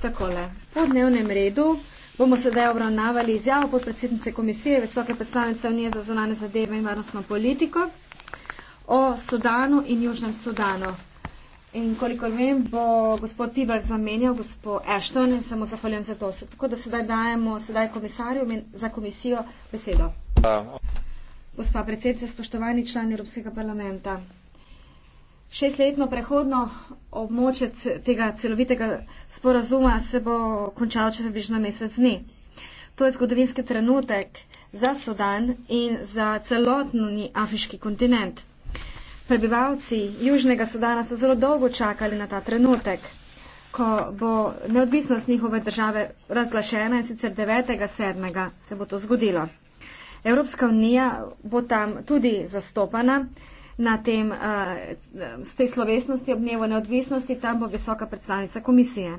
Takole. Po dnevnem redu bomo sedaj obravnavali izjavo podpredsednice komisije Visoke predstavnice Unije za zunanje zadeve in varnostno politiko o Sudanu in Južnem Sudanu. In koliko vem, bo gospod Tibar zamenjal gospod Ashton in se mu zahvaljujem za to. Tako da sedaj dajemo sedaj komisarju za komisijo besedo. Gospa predsednica, spoštovani člani Evropskega parlamenta. Šestletno prehodno območje tega celovitega sporazuma se bo končalo čez približno mesec dni. To je zgodovinski trenutek za Sudan in za celotni afriški kontinent. Prebivalci Južnega Sudana so zelo dolgo čakali na ta trenutek, ko bo neodvisnost njihove države razglašena in sicer 9.7. se bo to zgodilo. Evropska unija bo tam tudi zastopana na tem, eh, s tej slovesnosti ob dnevu neodvisnosti, tam bo visoka predstavnica komisije.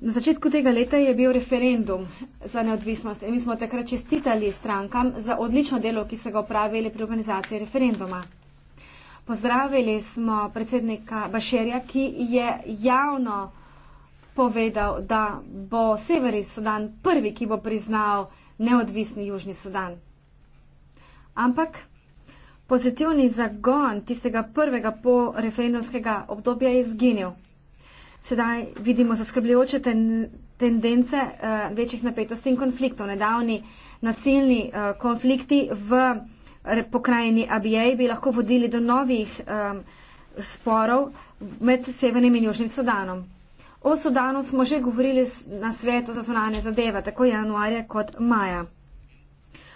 Na začetku tega leta je bil referendum za neodvisnost in mi smo takrat čestitali strankam za odlično delo, ki so ga upravili pri organizaciji referenduma. Pozdravili smo predsednika Bašerja, ki je javno povedal, da bo Severi Sudan prvi, ki bo priznal neodvisni Južni Sudan ampak pozitivni zagon tistega prvega po referendumskega obdobja je izginil. Sedaj vidimo zaskrbljujoče ten, tendence uh, večjih napetosti in konfliktov. Nedavni nasilni uh, konflikti v pokrajini Abijej bi lahko vodili do novih um, sporov med Severnim in Južnim Sudanom. O Sudanu smo že govorili na svetu za zunanje zadeve, tako januarja kot maja.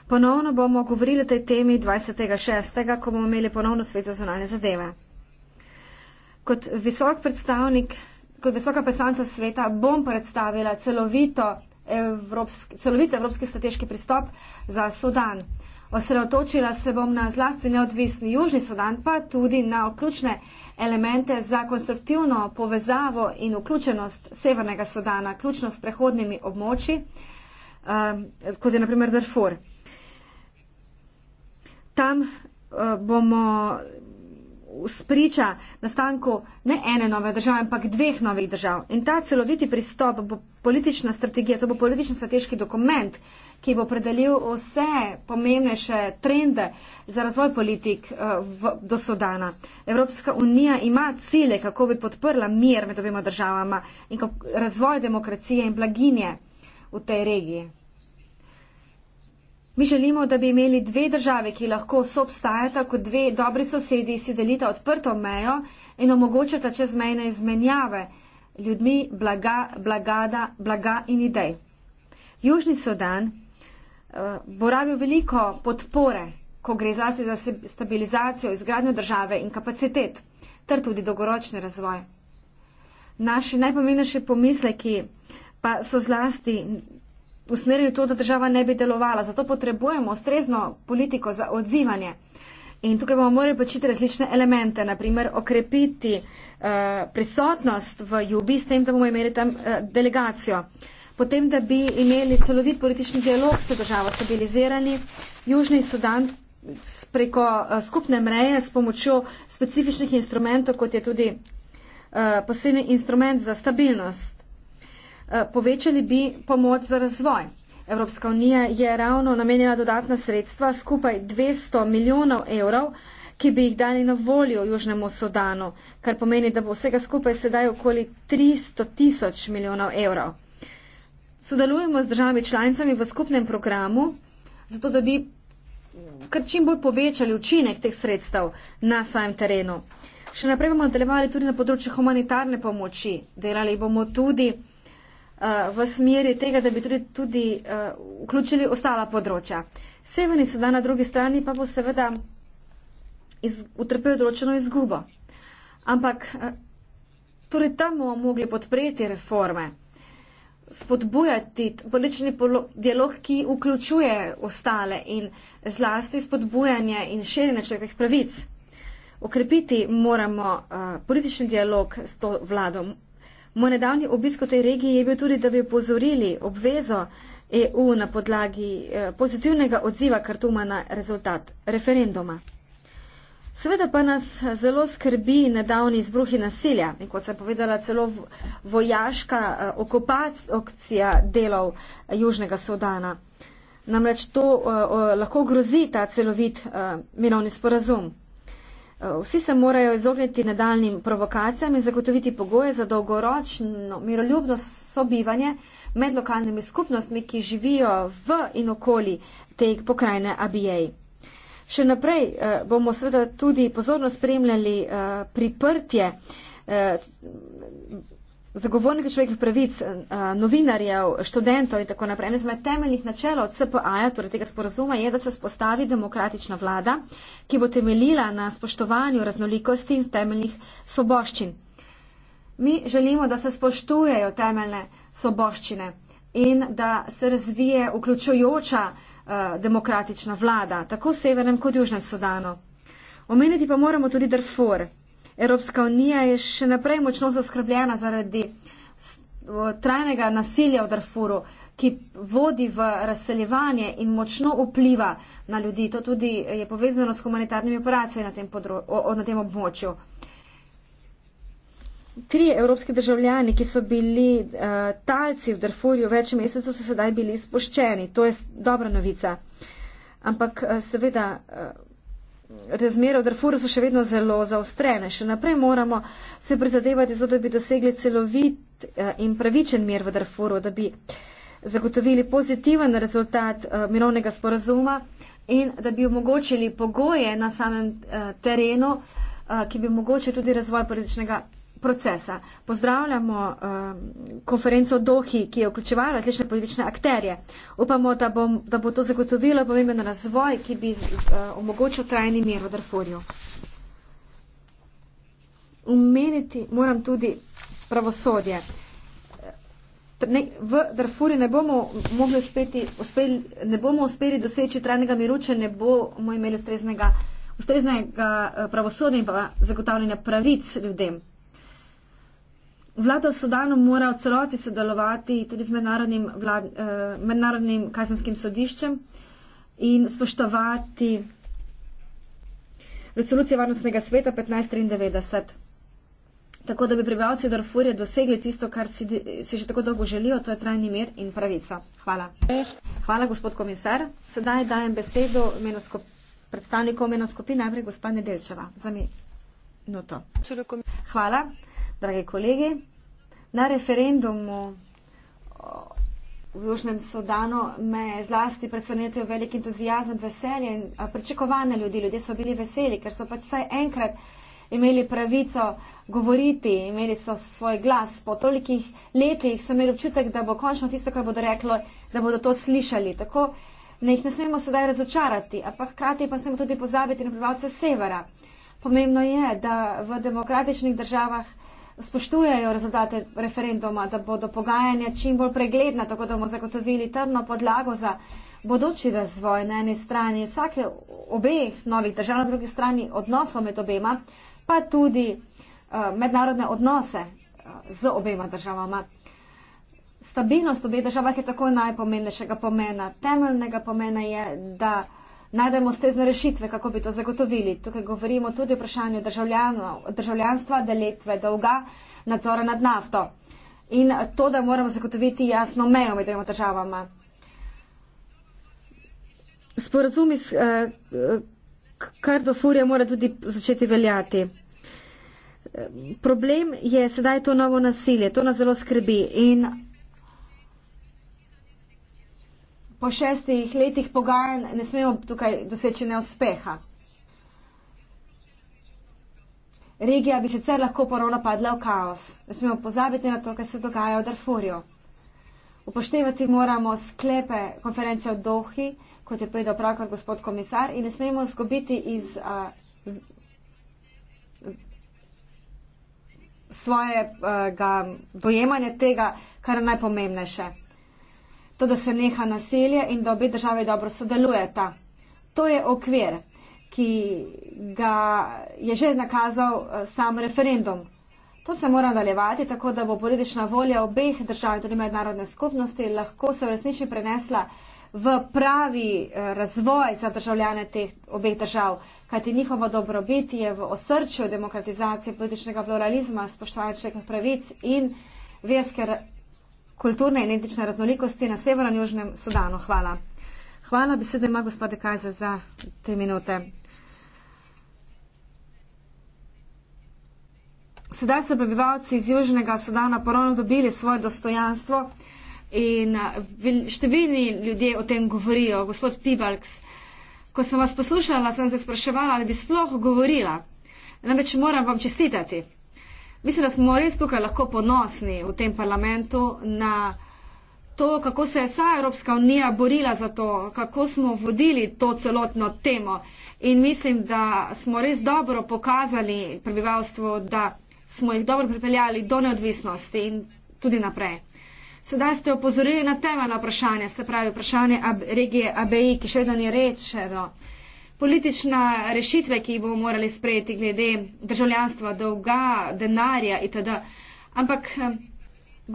Ponovno bomo govorili o tej temi 26. ko bomo imeli ponovno svet za zunanje zadeve. Kot visok predstavnik, kot visoka predstavnica sveta bom predstavila celovito evropski, celovit evropski strateški pristop za Sudan. Osredotočila se bom na zlasti neodvisni Južni Sudan, pa tudi na ključne elemente za konstruktivno povezavo in vključenost Severnega Sudana, ključno s prehodnimi območji, um, kot je naprimer Darfur tam eh, bomo spriča nastanku ne ene nove države, ampak dveh novih držav. In ta celoviti pristop bo politična strategija, to bo politični strateški dokument, ki bo predelil vse pomembnejše trende za razvoj politik eh, do Sodana. Evropska unija ima cilje, kako bi podprla mir med obima državama in razvoj demokracije in blaginje v tej regiji. Mi želimo, da bi imeli dve države, ki lahko sobstajata kot dve dobri sosedi, si delita odprto mejo in omogočata čezmejne izmenjave ljudmi, blaga, blagada, blaga in idej. Južni Sudan uh, bo rabil veliko podpore, ko gre zase za stabilizacijo, izgradnjo države in kapacitet, ter tudi dolgoročni razvoj. Naši najpomembnejši pomisleki pa so zlasti usmerili v to, da država ne bi delovala. Zato potrebujemo ustrezno politiko za odzivanje. In tukaj bomo morali početi različne elemente, naprimer okrepiti uh, prisotnost v Jubi s tem, da bomo imeli tam uh, delegacijo. Potem, da bi imeli celovit politični dialog s to državo, stabilizirali Južni Sudan preko uh, skupne mreje s pomočjo specifičnih instrumentov, kot je tudi uh, posebni instrument za stabilnost. Eh, povečali bi pomoč za razvoj. Evropska unija je ravno namenjena dodatna sredstva skupaj 200 milijonov evrov, ki bi jih dali na voljo Južnemu Sudanu, kar pomeni, da bo vsega skupaj sedaj okoli 300 tisoč milijonov evrov. Sodelujemo z državami članicami v skupnem programu, zato da bi kar čim bolj povečali učinek teh sredstev na svojem terenu. Še naprej bomo nadaljevali tudi na področju humanitarne pomoči. Delali bomo tudi Eh, v smeri tega, da bi tudi, tudi uh, vključili ostala področja. Severni Sudan na drugi strani pa bo seveda iz, utrpel določeno izgubo. Ampak uh, eh, tudi torej tam bomo mogli podpreti reforme, spodbujati politični dialog, ki vključuje ostale in zlasti spodbujanje in širjenje človekovih pravic. Okrepiti moramo uh, politični dialog s to vladom. Moj nedavni obisk v tej regiji je bil tudi, da bi upozorili obvezo EU na podlagi e, pozitivnega odziva Kartuma na rezultat referenduma. Seveda pa nas e, zelo skrbi nedavni izbruhi nasilja in kot sem povedala, celo vojaška e, okupacija delov Južnega Sudana. Namreč to uh, lahko grozi ta celovit uh, mirovni sporazum. Vsi se morajo izogniti nadaljnim provokacijam in zagotoviti pogoje za dolgoročno miroljubno sobivanje med lokalnimi skupnostmi, ki živijo v in okoli te pokrajine Abijej. Še naprej eh, bomo seveda tudi pozorno spremljali eh, priprtje eh, zagovornike človekovih pravic, eh, novinarjev, študentov in tako naprej. En izmed temeljnih načel od CPA-ja, torej tega sporazuma, je, da se spostavi demokratična vlada, ki bo temeljila na spoštovanju raznolikosti in temeljnih svoboščin. Mi želimo, da se spoštujejo temeljne svoboščine in da se razvije vključujoča eh, demokratična vlada, tako v severnem kot južnem Sudanu. Omeniti pa moramo tudi Darfur. Evropska unija je še naprej močno zaskrbljena zaradi trajnega nasilja v Darfuru, ki vodi v razseljevanje in močno vpliva na ljudi. To tudi je povezano s humanitarnimi operacijami na tem, na tem območju. Tri evropski državljani, ki so bili uh, talci v Darfurju več mesecev, so sedaj bili izpuščeni. To je dobra novica. Ampak uh, seveda. Uh, razmere v Darfuru so še vedno zelo zaostrene. Še naprej moramo se prizadevati za to, da bi dosegli celovit eh, in pravičen mir v Darfuru, da bi zagotovili pozitiven rezultat eh, mirovnega sporazuma in da bi omogočili pogoje na samem eh, terenu, ki bi omogočili tudi razvoj političnega procesa. Pozdravljamo um, konferenco Dohi, ki je vključevala različne politične akterje. Upamo, da, bom, da bo to zagotovilo pomemben razvoj, ki bi uh, omogočil trajni mir v Darfurju. Umeniti moram tudi pravosodje. Ne, v Darfuri ne bomo, mogli uspeti, uspeli, ne bomo uspeli doseči trajnega miru, če ne bomo imeli ustreznega, ustreznega uh, pravosodja in pa zagotavljanja pravic ljudem. Vlada v Sudanu mora v celoti sodelovati tudi z mednarodnim, vlad, eh, mednarodnim kazenskim sodiščem in spoštovati resolucijo Varnostnega sveta 1593. Tako da bi prebivalci Darfurja dosegli tisto, kar si, si že tako dolgo želijo, to je trajni mir in pravica. Hvala. Hvala, gospod komisar. Sedaj dajem besedo predstavnikov menoskopi, najprej gospod Nedelčeva. Za minuto. Hvala dragi kolegi. Na referendumu v Južnem Sudanu me je zlasti predstavljal velik entuzijazem, veselje in pričakovanje ljudi. Ljudje so bili veseli, ker so pač vsaj enkrat imeli pravico govoriti, imeli so svoj glas. Po tolikih letih so imeli občutek, da bo končno tisto, kar bodo rekli, da bodo to slišali. Tako ne jih ne smemo sedaj razočarati, ampak hkrati pa smemo tudi pozabiti na prebivalce severa. Pomembno je, da v demokratičnih državah spoštujejo rezultate referenduma, da bodo pogajanja čim bolj pregledna, tako da bomo zagotovili trdno podlago za bodoči razvoj na eni strani vsake obeh novih držav, na drugi strani odnosov med obema, pa tudi eh, mednarodne odnose eh, z obema državama. Stabilnost obeh državah je tako najpomembnejšega pomena. Temeljnega pomena je, da najdemo stezne rešitve, kako bi to zagotovili. Tukaj govorimo tudi o vprašanju državljanstva, delitve dolga, nadzora nad nafto in to, da moramo zagotoviti jasno mejo med dvema državama. Sporazum iz eh, Kardofurja mora tudi začeti veljati. Problem je sedaj to novo nasilje, to nas zelo skrbi in po šestih letih pogajanj ne smemo tukaj doseči neuspeha. Regija bi sicer lahko ponovno padla v kaos. Ne smemo pozabiti na to, kar se dogaja v Darfurju. Upoštevati moramo sklepe konference o Dohi, kot je povedal pravkar gospod komisar, in ne smemo zgobiti iz a, svojega dojemanja tega, kar je najpomembnejše to, da se neha nasilje in da obe državi dobro sodelujeta. To je okvir, ki ga je že nakazal eh, sam referendum. To se mora nadaljevati tako, da bo politična volja obeh držav, tudi mednarodne skupnosti, lahko se v resnici prenesla v pravi eh, razvoj za državljane teh obeh držav, kajti njihovo dobrobit je v osrčju demokratizacije političnega pluralizma, spoštovanja človekovih pravic in verske kulturne in etnične raznolikosti na severnem Južnem Sudanu. Hvala. Hvala, besedo ima gospod Kajze za tri minute. Sedaj so prebivalci iz Južnega Sudana ponovno dobili svoje dostojanstvo in številni ljudje o tem govorijo. Gospod Pibalks, ko sem vas poslušala, sem se spraševala, ali bi sploh govorila. Namreč moram vam čestitati. Mislim, da smo res tukaj lahko ponosni v tem parlamentu na to, kako se je vsa Evropska unija borila za to, kako smo vodili to celotno temo. In mislim, da smo res dobro pokazali prebivalstvo, da smo jih dobro pripeljali do neodvisnosti in tudi naprej. Sedaj ste opozorili na temeljno vprašanje, se pravi vprašanje regije ABI, ki še vedno ni rečeno politična rešitve, ki jih bomo morali sprejeti glede državljanstva, dolga, denarja itd. Ampak eh,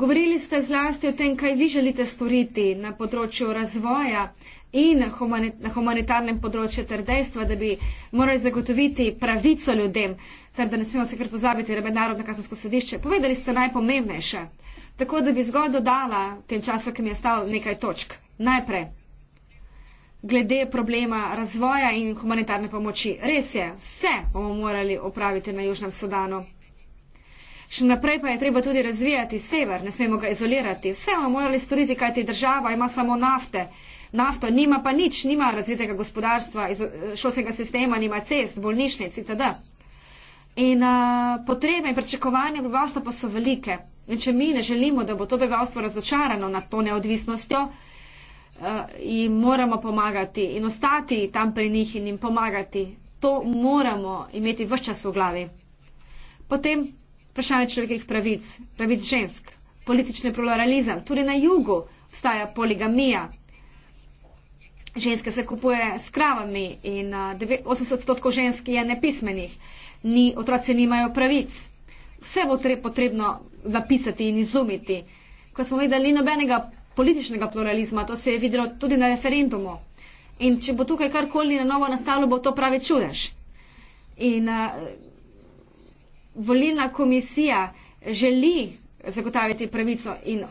govorili ste zlasti o tem, kaj vi želite storiti na področju razvoja in na humanitarnem področju ter dejstva, da bi morali zagotoviti pravico ljudem, ter da ne smemo se kar pozabiti, da je mednarodno kazansko sodišče. Povedali ste najpomembnejše. Tako da bi zgolj dodala v tem času, ki mi je ostal nekaj točk. Najprej glede problema razvoja in humanitarne pomoči. Res je, vse bomo morali opraviti na Južnem Sudanu. Še naprej pa je treba tudi razvijati sever, ne smemo ga izolirati. Vse bomo morali storiti, kajti država ima samo nafte. Nafto nima pa nič, nima razvitega gospodarstva, šolskega sistema, nima cest, bolnišnic itd. In a, eh, potrebe in pričakovanja prebivalstva pa so velike. In če mi ne želimo, da bo to prebivalstvo razočarano nad to neodvisnostjo, uh, jim moramo pomagati in ostati tam pri njih in jim pomagati. To moramo imeti vse čas v glavi. Potem vprašanje človekovih pravic, pravic žensk, politični pluralizem. Tudi na jugu obstaja poligamija. Ženske se kupuje s kravami in 80 eh, odstotkov žensk je nepismenih, Ni, otroci nimajo pravic. Vse bo potrebno napisati in izumiti. Ko smo videli, da ni nobenega političnega pluralizma. To se je videlo tudi na referendumu. In če bo tukaj karkoli na novo nastalo, bo to pravi čudež. In uh, volilna komisija želi zagotaviti pravico in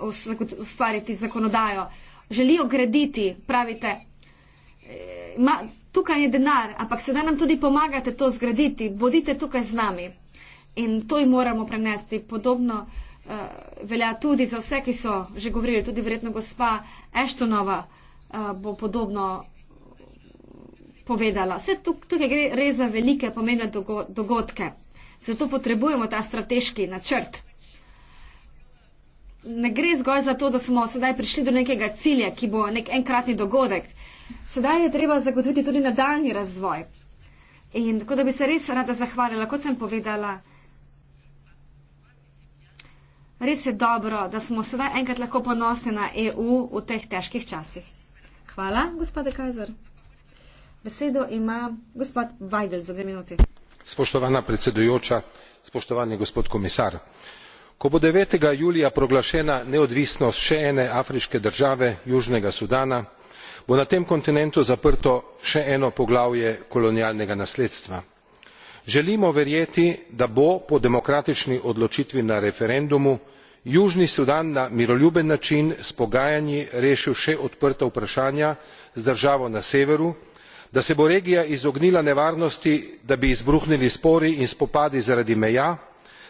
ustvariti zakonodajo, želijo graditi, pravite, eh, ma, tukaj je denar, ampak sedaj nam tudi pomagate to zgraditi, bodite tukaj z nami. In to jim moramo prenesti podobno. Uh, Eh, velja tudi za vse, ki so že govorili, tudi verjetno gospa Eštonova eh, bo podobno povedala. Vse tukaj gre res za velike pomembne dogodke. Zato potrebujemo ta strateški načrt. Ne gre zgolj za to, da smo sedaj prišli do nekega cilja, ki bo nek enkratni dogodek. Sedaj je treba zagotoviti tudi nadaljni razvoj. In tako da bi se res rada zahvalila, kot sem povedala. Res je dobro, da smo sedaj enkrat lahko ponosni na EU v teh težkih časih. Hvala, gospod Kajzer. Besedo ima gospod Weigl za dve minuti. Spoštovana predsedujoča, spoštovani gospod komisar. Ko bo 9. julija proglašena neodvisnost še ene afriške države, Južnega Sudana, bo na tem kontinentu zaprto še eno poglavje kolonialnega nasledstva želimo verjeti da bo po demokratični odločitvi na referendumu južni sudan na miroljuben način s pogajanji rešil še odprta vprašanja z državo na severu da se bo regija izognila nevarnosti da bi izbruhnili spori in spopadi zaradi meja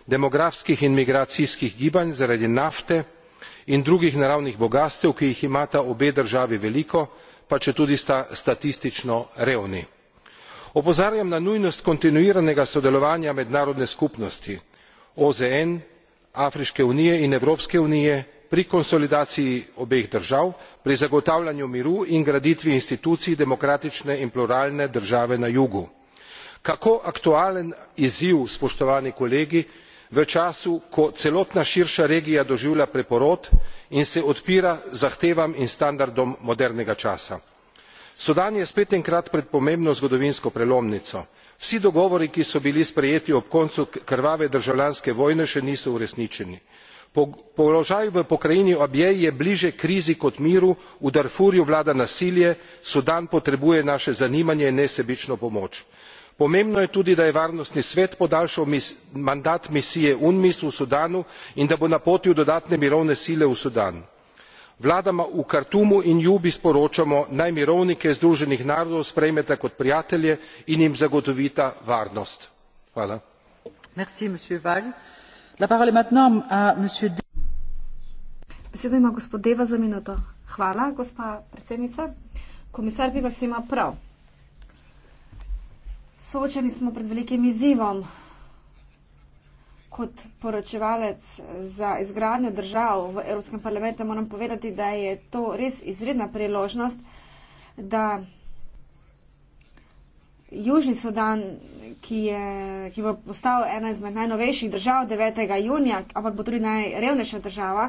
demografskih in migracijskih gibanj zaradi nafte in drugih naravnih bogastev ki jih imata obe državi veliko pa četudi sta statistično revni opozarjam na nujnost kontinuiranega sodelovanja mednarodne skupnosti ozn afriške unije in evropske unije pri konsolidaciji obeh držav pri zagotavljanju miru in graditvi institucij demokratične in pluralne države na jugu. kako aktualen izziv spoštovani kolegi v času ko celotna širša regija doživlja preporod in se odpira zahtevam in standardom modernega časa sudan je spet enkrat pred pomembno zgodovinsko prelomnico. vsi dogovori ki so bili sprejeti ob koncu krvave državljanske vojne še niso uresničeni. položaj v pokrajini abjay je bližje krizi kot miru v darfurju vlada nasilje sudan potrebuje naše zanimanje in nesebično pomoč. pomembno je tudi da je varnostni svet podaljšal mandat misije unmis v sudanu in da bo napotil dodatne mirovne sile v sudan vladama v kartumu in jubi sporočamo naj mirovnike združenih narodov sprejmeta kot prijatelje in jim zagotovita varnost. soočeni smo pred velikim izzivom kot poročevalec za izgradnjo držav v Evropskem parlamentu moram povedati, da je to res izredna priložnost, da Južni Sudan, ki, je, ki bo postal ena izmed najnovejših držav 9. junija, ampak bo tudi najrevnejša država,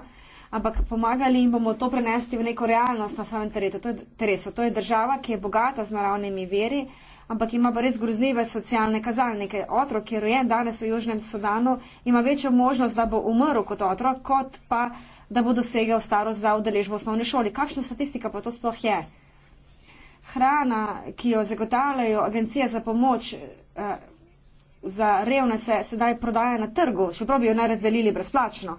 ampak pomagali jim bomo to prenesti v neko realnost na samem teretu. To je, teresu. to je država, ki je bogata z naravnimi veri ampak ima pa res grozljive socialne kazalnike. Otrok, ki je rojen danes v Južnem Sudanu, ima večjo možnost, da bo umrl kot otrok, kot pa da bo dosegel starost za udeležbo v osnovni šoli. Kakšna statistika pa to sploh je? Hrana, ki jo zagotavljajo agencije za pomoč eh, za revne, se sedaj prodaja na trgu, čeprav bi jo naj razdelili brezplačno.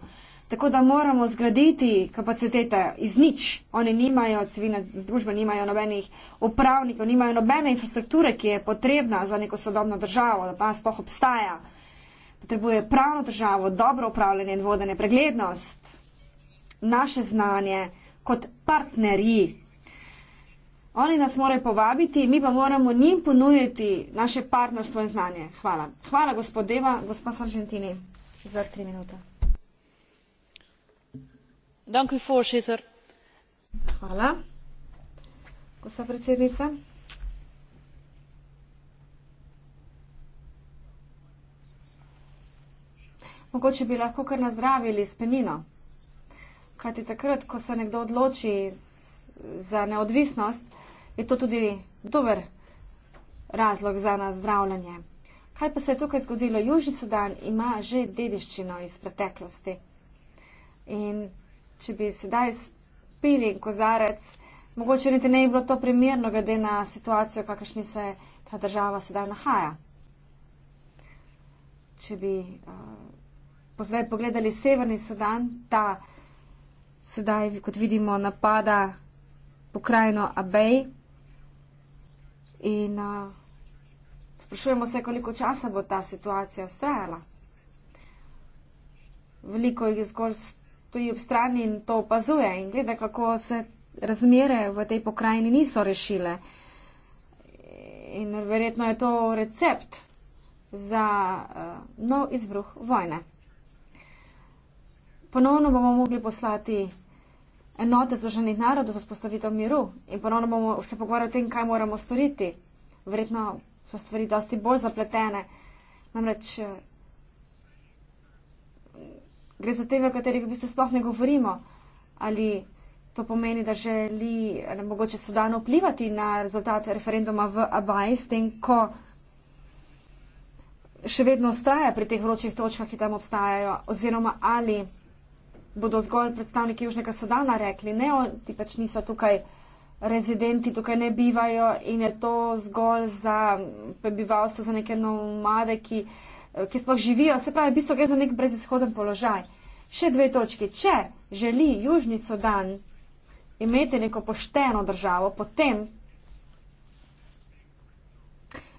Tako da moramo zgraditi kapacitete iz nič. Oni nimajo, civilne družbe nimajo nobenih upravnikov, nimajo nobene infrastrukture, ki je potrebna za neko sodobno državo, da ta sploh obstaja. Potrebuje pravno državo, dobro upravljanje in vodenje, preglednost, naše znanje kot partnerji. Oni nas morajo povabiti, mi pa moramo njim ponujiti naše partnerstvo in znanje. Hvala. Hvala, gospod Deva, gospod Sargentini, za tri minute hvala gospa predsednica mogoče bi lahko kar nazdravili s penino kajti takrat ko se nekdo odloči za neodvisnost je to tudi dober razlog za nazdravljanje kaj pa se je tukaj zgodilo južni sudan ima že dediščino iz preteklosti in če bi sedaj spili in kozarec, mogoče niti ne bi bilo to primerno, glede na situacijo, kakršni se ta država sedaj nahaja. Če bi uh, eh, pozdaj pogledali Severni Sudan, ta sedaj, kot vidimo, napada pokrajino Abej in uh, sprašujemo se, koliko časa bo ta situacija ostajala. Veliko jih je zgolj stoji ob strani in to opazuje in gleda, kako se razmere v tej pokrajini niso rešile. In verjetno je to recept za uh, nov izbruh vojne. Ponovno bomo mogli poslati enote zloženih narodov za spostavitev miru in ponovno bomo se pogovarjali o tem, kaj moramo storiti. Verjetno so stvari dosti bolj zapletene. Namreč eh, gre za teme, o katerih v bistvu sploh ne govorimo. Ali to pomeni, da želi mogoče sodano vplivati na rezultat referenduma v Abaji s tem, ko še vedno ostaja pri teh vročih točkah, ki tam obstajajo, oziroma ali bodo zgolj predstavniki Južnega Sudana rekli, ne, ti pač niso tukaj rezidenti, tukaj ne bivajo in je to zgolj za prebivalstvo, za neke nomade, ki Eh, ki sploh živijo, se pravi, v bistvu gre za nek brezizhoden položaj. Še dve točke. Če želi Južni Sudan imeti neko pošteno državo, potem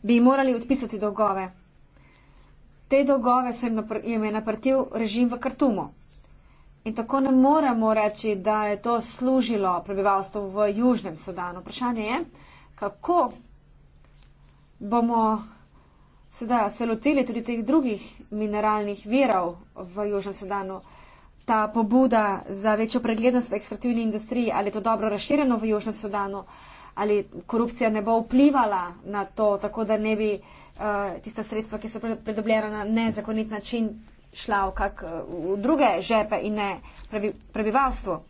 bi morali odpisati dolgove. Te dolgove jim, napr jim je naprtil režim v Kartumu. In tako ne moremo reči, da je to služilo prebivalstvu v Južnem Sudanu. Vprašanje je, kako bomo seveda se lotili tudi teh drugih mineralnih verov v Južnem Sudanu. Ta pobuda za večjo preglednost v ekstraktivni industriji, ali je to dobro razširjeno v Južnem Sudanu, ali korupcija ne bo vplivala na to, tako da ne bi uh, tista sredstva, ki so predobljena na nezakonit način, šla v, kak, v druge žepe in ne prebivalstvo.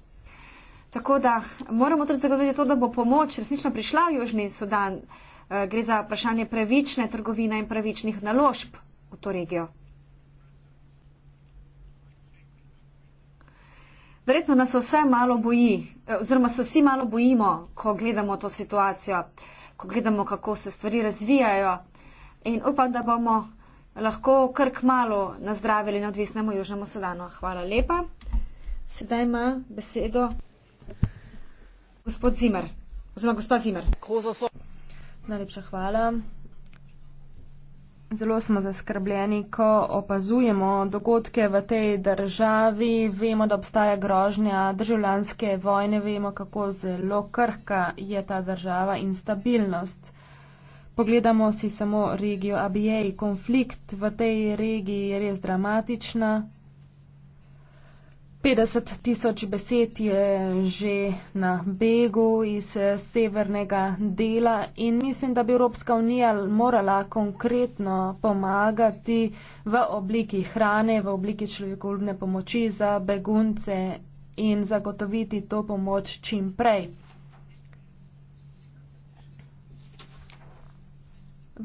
Tako da moramo tudi zagovoriti to, da bo pomoč resnično prišla v Južni Sudan. Uh, Eh, gre za vprašanje pravične trgovine in pravičnih naložb v to regijo. Verjetno nas vse malo boji, eh, oziroma se vsi malo bojimo, ko gledamo to situacijo, ko gledamo, kako se stvari razvijajo in upam, da bomo lahko krk malo nazdravili neodvisnemu Južnemu Sudanu. Hvala lepa. Sedaj ima besedo gospod Zimer. Oziroma gospod Zimer. Najlepša hvala. Zelo smo zaskrbljeni, ko opazujemo dogodke v tej državi. Vemo, da obstaja grožnja državljanske vojne, vemo, kako zelo krhka je ta država in stabilnost. Pogledamo si samo regijo Abijej. Konflikt v tej regiji je res dramatična. 50 tisoč besed je že na begu iz eh, severnega dela in mislim, da bi Evropska unija morala konkretno pomagati v obliki hrane, v obliki človekoljubne pomoči za begunce in zagotoviti to pomoč čim prej.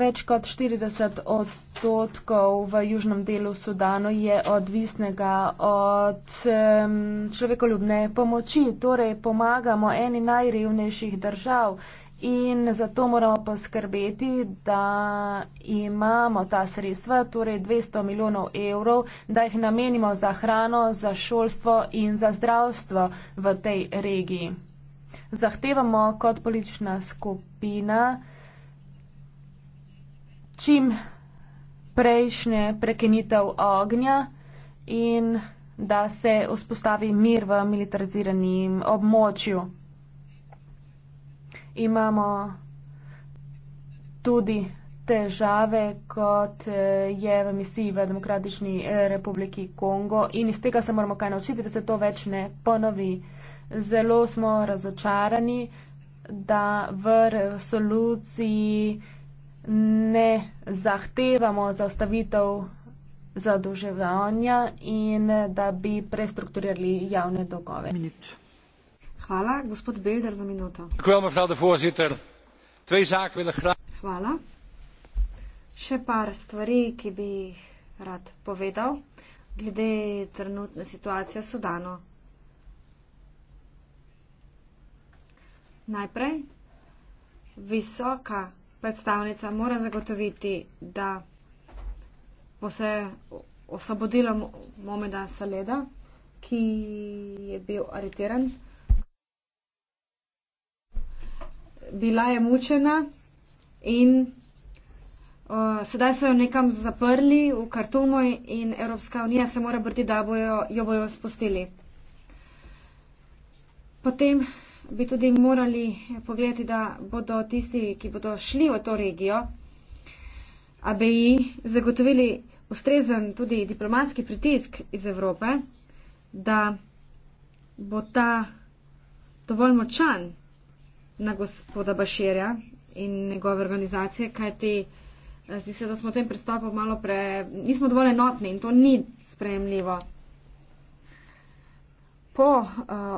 Več kot 40 odstotkov v južnem delu Sudano je odvisnega od um, človekoljubne pomoči, torej pomagamo eni najrevnejših držav in zato moramo poskrbeti, da imamo ta sredstva, torej 200 milijonov evrov, da jih namenimo za hrano, za šolstvo in za zdravstvo v tej regiji. Zahtevamo kot politična skupina, čim prejšnje prekinitev ognja in da se vzpostavi mir v militariziranem območju. Imamo tudi težave, kot je v misiji v Demokratični eh, republiki Kongo in iz tega se moramo kaj naučiti, da se to več ne ponovi. Zelo smo razočarani, da v resoluciji ne zahtevamo zaustavitev zadolževanja in da bi prestrukturirali javne dolgove. Hvala, gospod Bejder, za minuto. Hvala, mevrouw de voorzitter. Twee zaken willen graag. Hvala. Še par stvari, ki bi jih rad povedal, glede trenutne situacije v Sudanu. Najprej, visoka predstavnica mora zagotoviti, da bo se osvobodilo Momeda Saleda, ki je bil aretiran. Bila je mučena in uh, sedaj so jo nekam zaprli v kartumu in Evropska unija se mora brti, da bojo, jo bojo spustili. Potem bi tudi morali pogledati, da bodo tisti, ki bodo šli v to regijo, ABI zagotovili ustrezen tudi diplomatski pritisk iz Evrope, da bo ta dovolj močan na gospoda Baširja in njegove organizacije, kajti eh, zdi se, da smo tem pristopom malo pre... nismo dovolj enotni in to ni sprejemljivo po uh,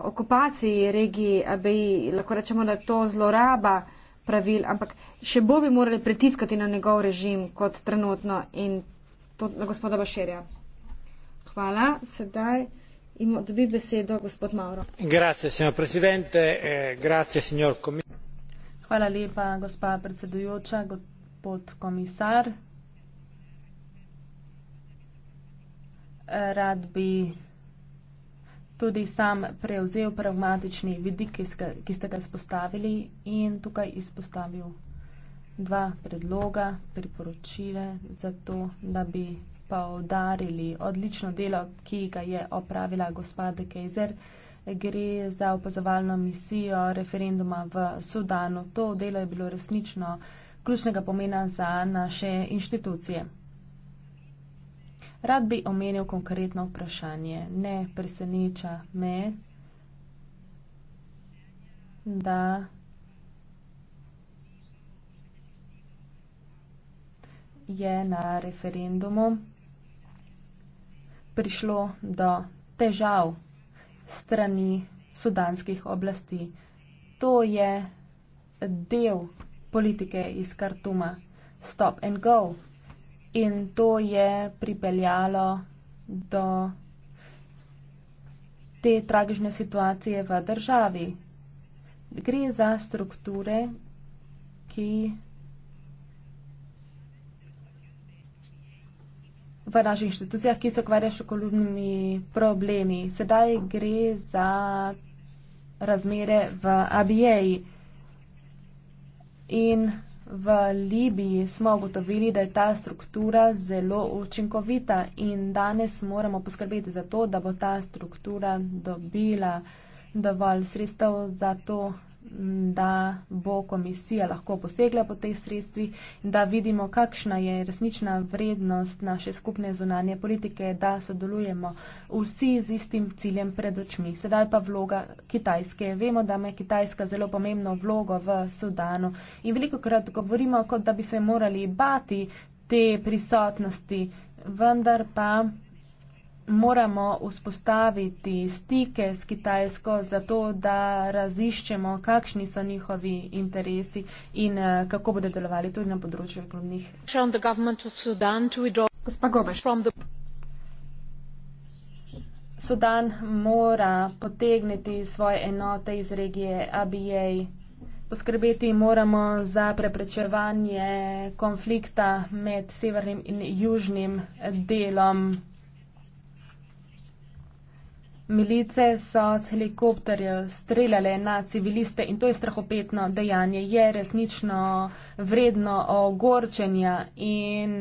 okupaciji regiji Abeji, lahko rečemo, da je to zloraba pravil, ampak še bolj bi morali pritiskati na njegov režim kot trenutno in to na gospoda Baširja. Hvala. Sedaj ima, dobi besedo gospod Mauro. Grazie, signor presidente, eh, grazie, signor Hvala lepa, gospa predsedujoča, gospod komisar. Rad bi tudi sam prevzel pragmatični vidik, ki ste ga spostavili in tukaj izpostavil dva predloga, priporočile za to, da bi pa udarili odlično delo, ki ga je opravila gospode Kejzer. Gre za opazovalno misijo referenduma v Sudanu. To delo je bilo resnično ključnega pomena za naše inštitucije. Rad bi omenil konkretno vprašanje. Ne preseneča me, da je na referendumu prišlo do težav strani sudanskih oblasti. To je del politike iz Kartuma. Stop and go in to je pripeljalo do te tragične situacije v državi. Gre za strukture, ki v naših inštitucijah, ki se ukvarjajo s kolumnimi problemi. Sedaj gre za razmere v ABA. In V Libiji smo ugotovili, da je ta struktura zelo učinkovita in danes moramo poskrbeti za to, da bo ta struktura dobila dovolj sredstev za to, da bo komisija lahko posegla po teh sredstvih, da vidimo, kakšna je resnična vrednost naše skupne zunanje politike, da sodelujemo vsi z istim ciljem pred očmi. Sedaj pa vloga Kitajske. Vemo, da ima Kitajska zelo pomembno vlogo v Sudanu in veliko krat govorimo, kot da bi se morali bati te prisotnosti, vendar pa moramo vzpostaviti stike s Kitajsko zato, da raziščemo, kakšni so njihovi interesi in eh, kako bodo delovali tudi na področju ekonomih. Sudan mora potegniti svoje enote iz regije ABA. Poskrbeti moramo za preprečevanje konflikta med severnim in južnim delom. Milice so z helikopterja streljale na civiliste in to je strahopetno dejanje, je resnično vredno ogorčenja in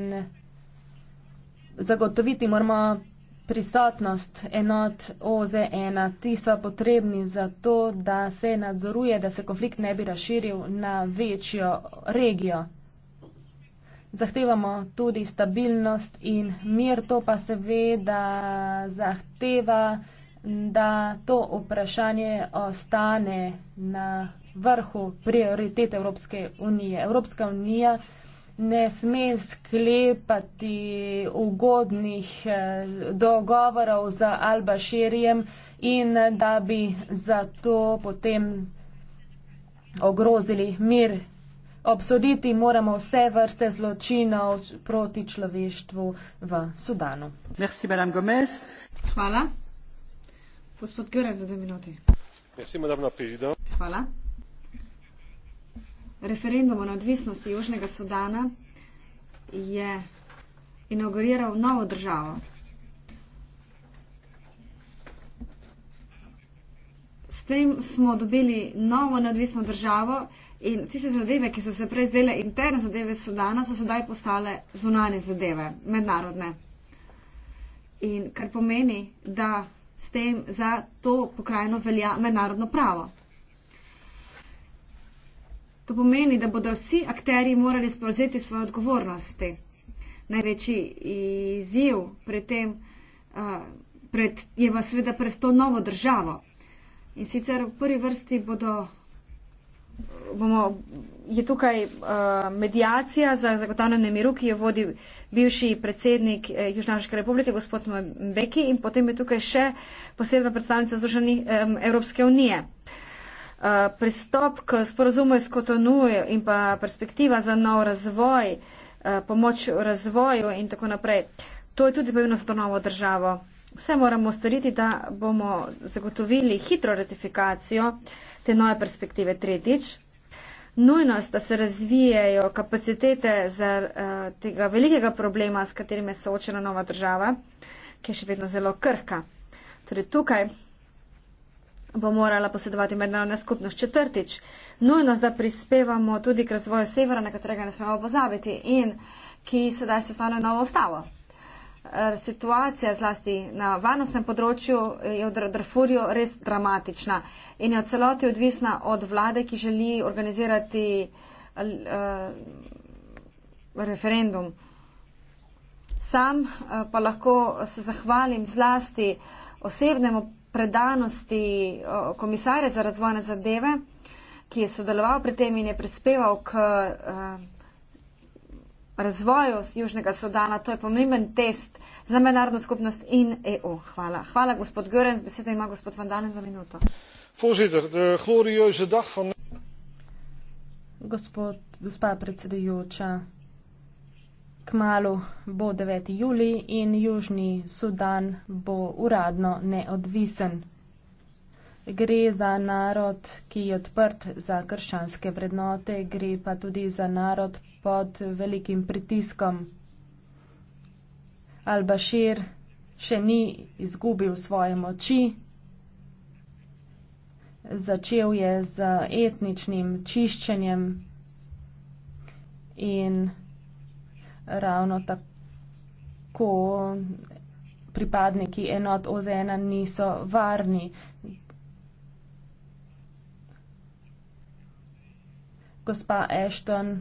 zagotoviti moramo prisotnost enot OZN. Ti so potrebni za to, da se nadzoruje, da se konflikt ne bi razširil na večjo regijo. Zahtevamo tudi stabilnost in mir, to pa seveda zahteva da to vprašanje ostane na vrhu prioritet Evropske unije. Evropska unija ne sme sklepati ugodnih eh, dogovorov z Albaširjem in da bi zato potem ogrozili mir. Obsoditi moramo vse vrste zločinov proti človeštvu v Sudanu. Merci, Hvala. Gospod Göre, za dve minuti. Merci, Hvala. Referendum o neodvisnosti Južnega Sudana je inauguriral novo državo. S tem smo dobili novo neodvisno državo in tiste zadeve, ki so se prej zdele interne zadeve Sudana, so sedaj postale zunanje zadeve, mednarodne. In kar pomeni, da s tem za to pokrajino velja mednarodno pravo. To pomeni, da bodo vsi akteri morali sprevzeti svoje odgovornosti. Največji izziv pred tem uh, pred, je pa seveda pred to novo državo. In sicer v prvi vrsti bodo bomo, je tukaj uh, medijacija za zagotavljanje miru, ki jo vodi bivši predsednik eh, Južnjaške republike, gospod Mbeki, in potem je tukaj še posebna predstavnica Združenih um, Evropske unije. Uh, pristop k sporazumu iz Kotonuje in pa perspektiva za nov razvoj, uh, pomoč v razvoju in tako naprej. To je tudi pomembno za to novo državo. Vse moramo storiti, da bomo zagotovili hitro ratifikacijo uh, te nove perspektive. Tretjič, nujnost, da se razvijajo kapacitete za uh, tega velikega problema, s katerim je soočena nova država, ki je še vedno zelo krhka. Torej tukaj bo morala posedovati mednarodna skupnost. Četrtič, nujnost, da prispevamo tudi k razvoju severa, na katerega ne smemo pozabiti in ki sedaj se stane novo ustavo. Eh, situacija zlasti na varnostnem področju je v Darfurju res dramatična in je v celoti odvisna od vlade, ki želi organizirati eh, referendum. Sam eh, pa lahko se zahvalim zlasti osebnemu predanosti komisarja za razvojne zadeve, ki je sodeloval pri tem in je prispeval k razvoju Južnega Sodana. To je pomemben test za mednarodno skupnost in EU. Hvala. Hvala, gospod Görens. Besedo ima gospod Vandanen za minuto. Voorzitter, de glorieuze dag van. Gospod, gospa predsedujoča, kmalo bo 9. juli in Južni Sudan bo uradno neodvisen. Gre za narod, ki je odprt za krščanske vrednote, gre pa tudi za narod pod velikim pritiskom. Al-Bashir še ni izgubil svoje moči. Začel je z etničnim čiščenjem in ravno tako pripadniki enot OZN niso varni. Gospa Ashton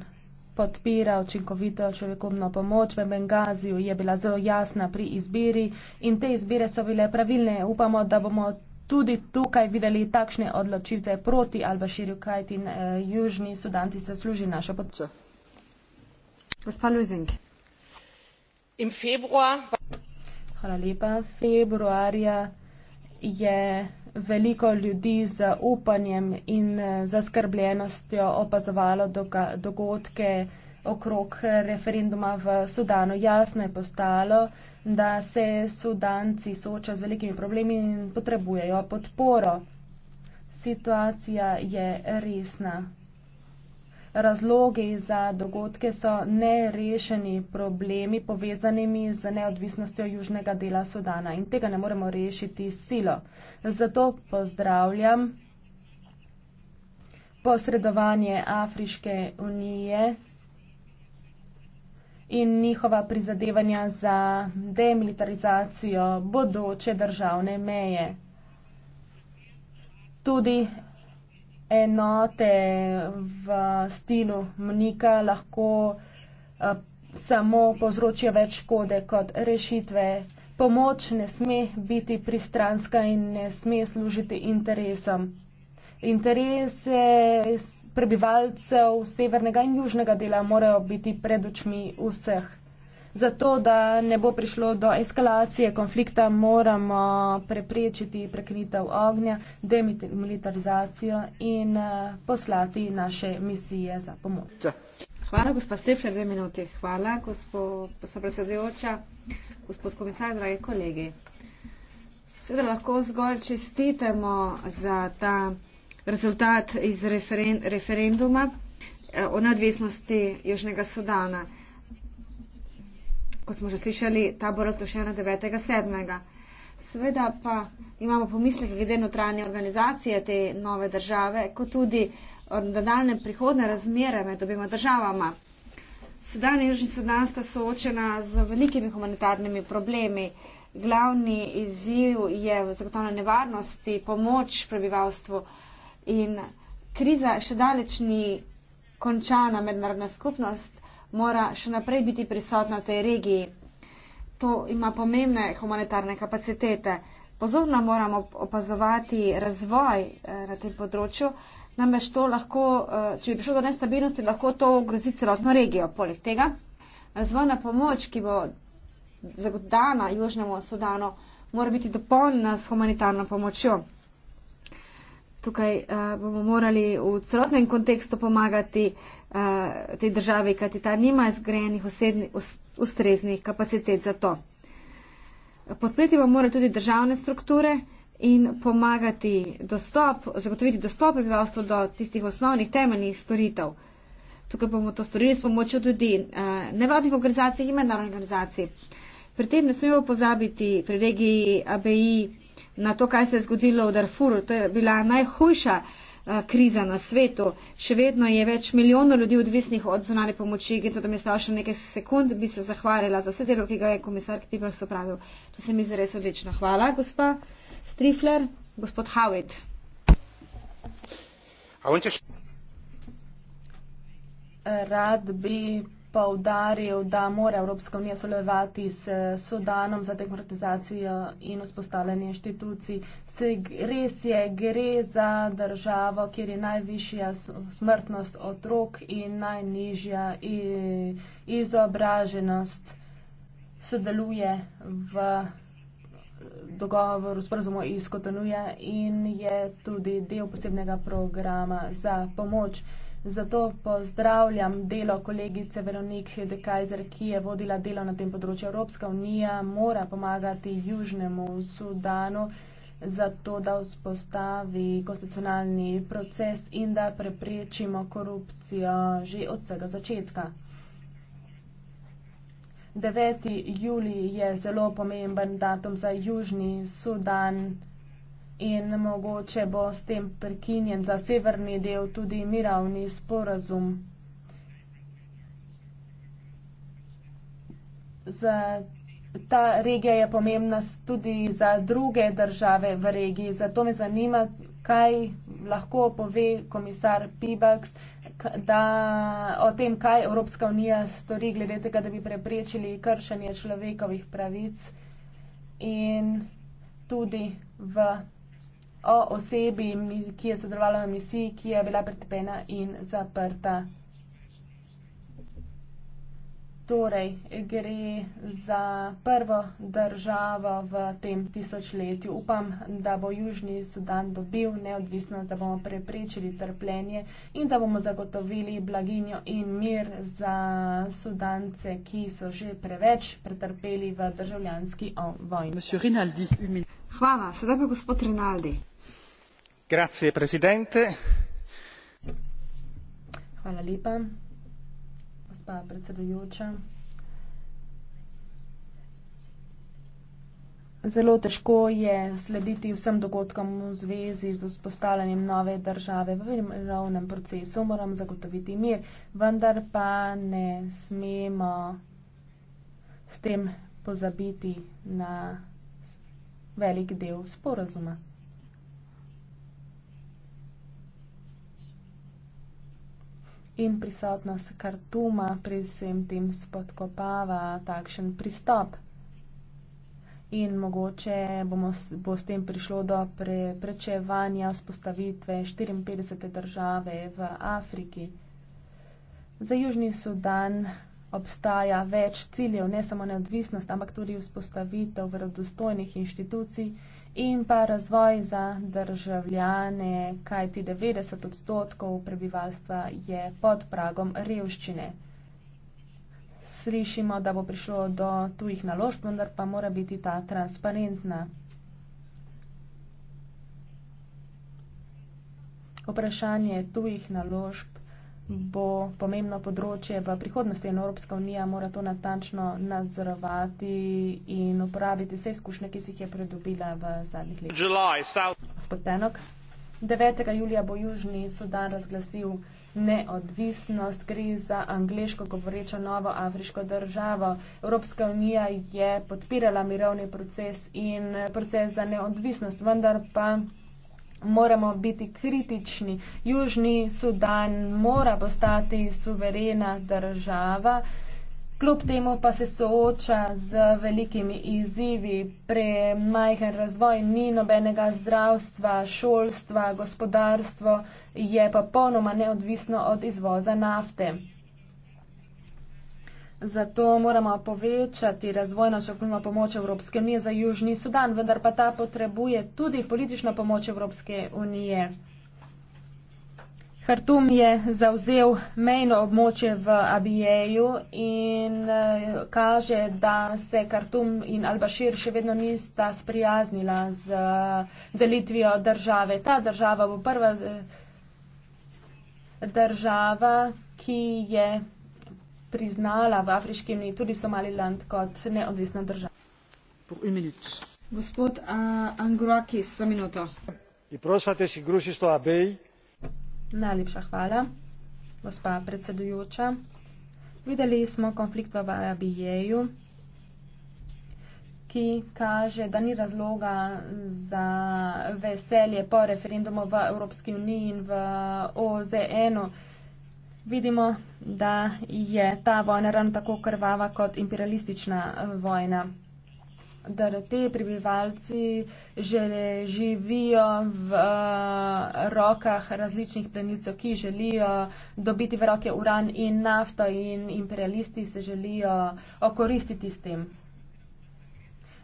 podpira očinkovito človekovno pomoč v Bengaziju, je bila zelo jasna pri izbiri in te izbire so bile pravilne. Upamo, da bomo tudi tukaj videli takšne odločitve proti Albaširju, kajti eh, južni sudanci se služi našo podpočo. Gospa Luzing. Hvala lepa. Februarja je veliko ljudi z upanjem in eh, zaskrbljenostjo opazovalo dogodke okrog referenduma v Sudanu. Jasno je postalo, da se Sudanci soča z velikimi problemi in potrebujejo podporo. Situacija je resna. Razlogi za dogodke so nerešeni problemi povezanimi z neodvisnostjo južnega dela Sudana in tega ne moremo rešiti silo. Zato pozdravljam posredovanje Afriške unije in njihova prizadevanja za demilitarizacijo bodoče državne meje. Tudi enote v stilu mnika lahko eh, samo povzročijo več škode kot rešitve. Pomoč ne sme biti pristranska in ne sme služiti interesom. Interese prebivalcev severnega in južnega dela morajo biti pred očmi vseh. Zato, da ne bo prišlo do eskalacije konflikta, moramo preprečiti prekinitev ognja, demilitarizacijo in eh, poslati naše misije za pomoč. Hvala, gospod Stefan, dve minute. Hvala, gospod predsedujoča, gospod komisar, dragi kolegi. Seveda lahko zgolj čestitemo za ta rezultat iz referen referenduma eh, o neodvisnosti Južnega Sudana kot smo že slišali, ta bo razglašena 9.7. Seveda pa imamo pomisleke glede notranje organizacije te nove države, kot tudi eh, nadaljne prihodne razmere med obima državama. Sedanje Južni Sudan sta soočena z velikimi humanitarnimi problemi. Glavni izziv je zagotovna nevarnosti, pomoč prebivalstvu in kriza še daleč ni končana mednarodna skupnost mora še naprej biti prisotna v tej regiji. To ima pomembne humanitarne kapacitete. Pozorno moramo opazovati razvoj eh, na tem področju, namreč to lahko, eh, če bi prišlo do nestabilnosti, lahko to ogrozi celotno regijo. Poleg tega, razvojna pomoč, ki bo zagotovljena Južnemu Sudanu, mora biti dopolnjena s humanitarno pomočjo. Tukaj eh, bomo morali v celotnem kontekstu pomagati Eh, te države, kajti ta nima zgrajenih ustreznih kapacitet za to. Podpreti pa mora tudi državne strukture in pomagati dostop, zagotoviti dostop prebivalstva do tistih osnovnih temeljnih storitev. Tukaj bomo to storili s pomočjo tudi uh, nevladnih organizacij in mednarodnih organizacij. Pri tem ne smemo pozabiti pri regiji ABI na to, kaj se je zgodilo v Darfuru. To je bila najhujša uh, Eh, kriza na svetu. Še vedno je več milijonov ljudi odvisnih od zunanje pomoči. In to, da mi stalo še nekaj sekund, bi se zahvalila za vse delo, ki ga je komisar Piper sopravil. To se mi zdi res odlično. Hvala, gospa Strifler. Gospod Howitt. Rad bi poudaril, da mora Evropska unija sodelovati s eh, Sudanom za demokratizacijo in vzpostavljanje inštitucij. Se, res je, gre za državo, kjer je najvišja smrtnost otrok in najnižja izobraženost sodeluje v eh, dogovoru s prozomo iz Kotonuja in je tudi del posebnega programa za pomoč. Zato pozdravljam delo kolegice Veronik Hedekajzer, ki je vodila delo na tem področju. Evropska unija mora pomagati Južnemu Sudanu za to, da vzpostavi konstitucionalni proces in da preprečimo korupcijo že od vsega začetka. 9. juli je zelo pomemben datum za Južni Sudan in mogoče bo s tem prekinjen za severni del tudi miravni sporazum. Za ta regija je pomembna tudi za druge države v regiji, zato me zanima, kaj lahko pove komisar Pibaks o tem, kaj Evropska unija stori glede tega, da bi preprečili kršenje človekovih pravic in tudi v o osebi, ki je sodelovala v misiji, ki je bila pretepena in zaprta. Torej, gre za prvo državo v tem tisočletju. Upam, da bo Južni Sudan dobil neodvisnost, da bomo preprečili trpljenje in da bomo zagotovili blaginjo in mir za Sudance, ki so že preveč pretrpeli v državljanski vojni. Hvala, sedaj pa gospod Rinaldi gospod predsednik hvala lepa gospa predsedujoča zelo težko je slediti vsem dogodkom v zvezi z vzpostavljanjem nove države v mirovnem procesu moram zagotoviti mir vendar pa ne smemo s tem pozabiti na velik del sporazuma. in prisotnost kartuma pri vsem tem spodkopava takšen pristop. In mogoče bomo, bo s tem prišlo do preprečevanja vzpostavitve 54. države v Afriki. Za Južni Sudan obstaja več ciljev, ne samo neodvisnost, ampak tudi vzpostavitev verodostojnih inštitucij, in pa razvoj za državljane, kajti 90 odstotkov prebivalstva je pod pragom revščine. Slišimo, da bo prišlo do tujih naložb, vendar pa mora biti ta transparentna. Vprašanje tujih naložb bo pomembno področje v prihodnosti in Evropska unija mora to natančno nadzorovati in uporabiti vse izkušnje, ki si jih je pridobila v zadnjih letih. July, South... 9. julija bo Južni Sudan razglasil neodvisnost, gre za angliško govorečo novo afriško državo. Evropska unija je podpirala mirovni proces in proces za neodvisnost, vendar pa moramo biti kritični. Južni Sudan mora postati suverena država. Kljub temu pa se sooča z velikimi izzivi, premajhen razvoj, ni nobenega zdravstva, šolstva, gospodarstvo je popolnoma neodvisno od izvoza nafte. Zato moramo povečati razvojno strokovno pomoč Evropske unije za Južni Sudan, vendar pa ta potrebuje tudi politično pomoč Evropske unije. Hartum je zauzel mejno območje v Abijeju in eh, kaže, da se Hartum in Albašir še vedno nista sprijaznila z eh, delitvijo države. Ta država bo prva eh, država, ki je priznala v Afriški uniji tudi Somaliland kot neodvisna država. Gospod uh, Angroakis, za minuto. In prosvate si grusisto abej. Najlepša hvala, gospa predsedujoča. Videli smo konflikt v Abijeju, ki kaže, da ni razloga za veselje po referendumu v Evropski uniji in v OZN-u vidimo, da je ta vojna ravno tako krvava kot imperialistična eh, vojna. Da te prebivalci že živijo v eh, rokah različnih plenilcev, ki želijo dobiti v roke uran in nafto in imperialisti se želijo okoristiti s tem.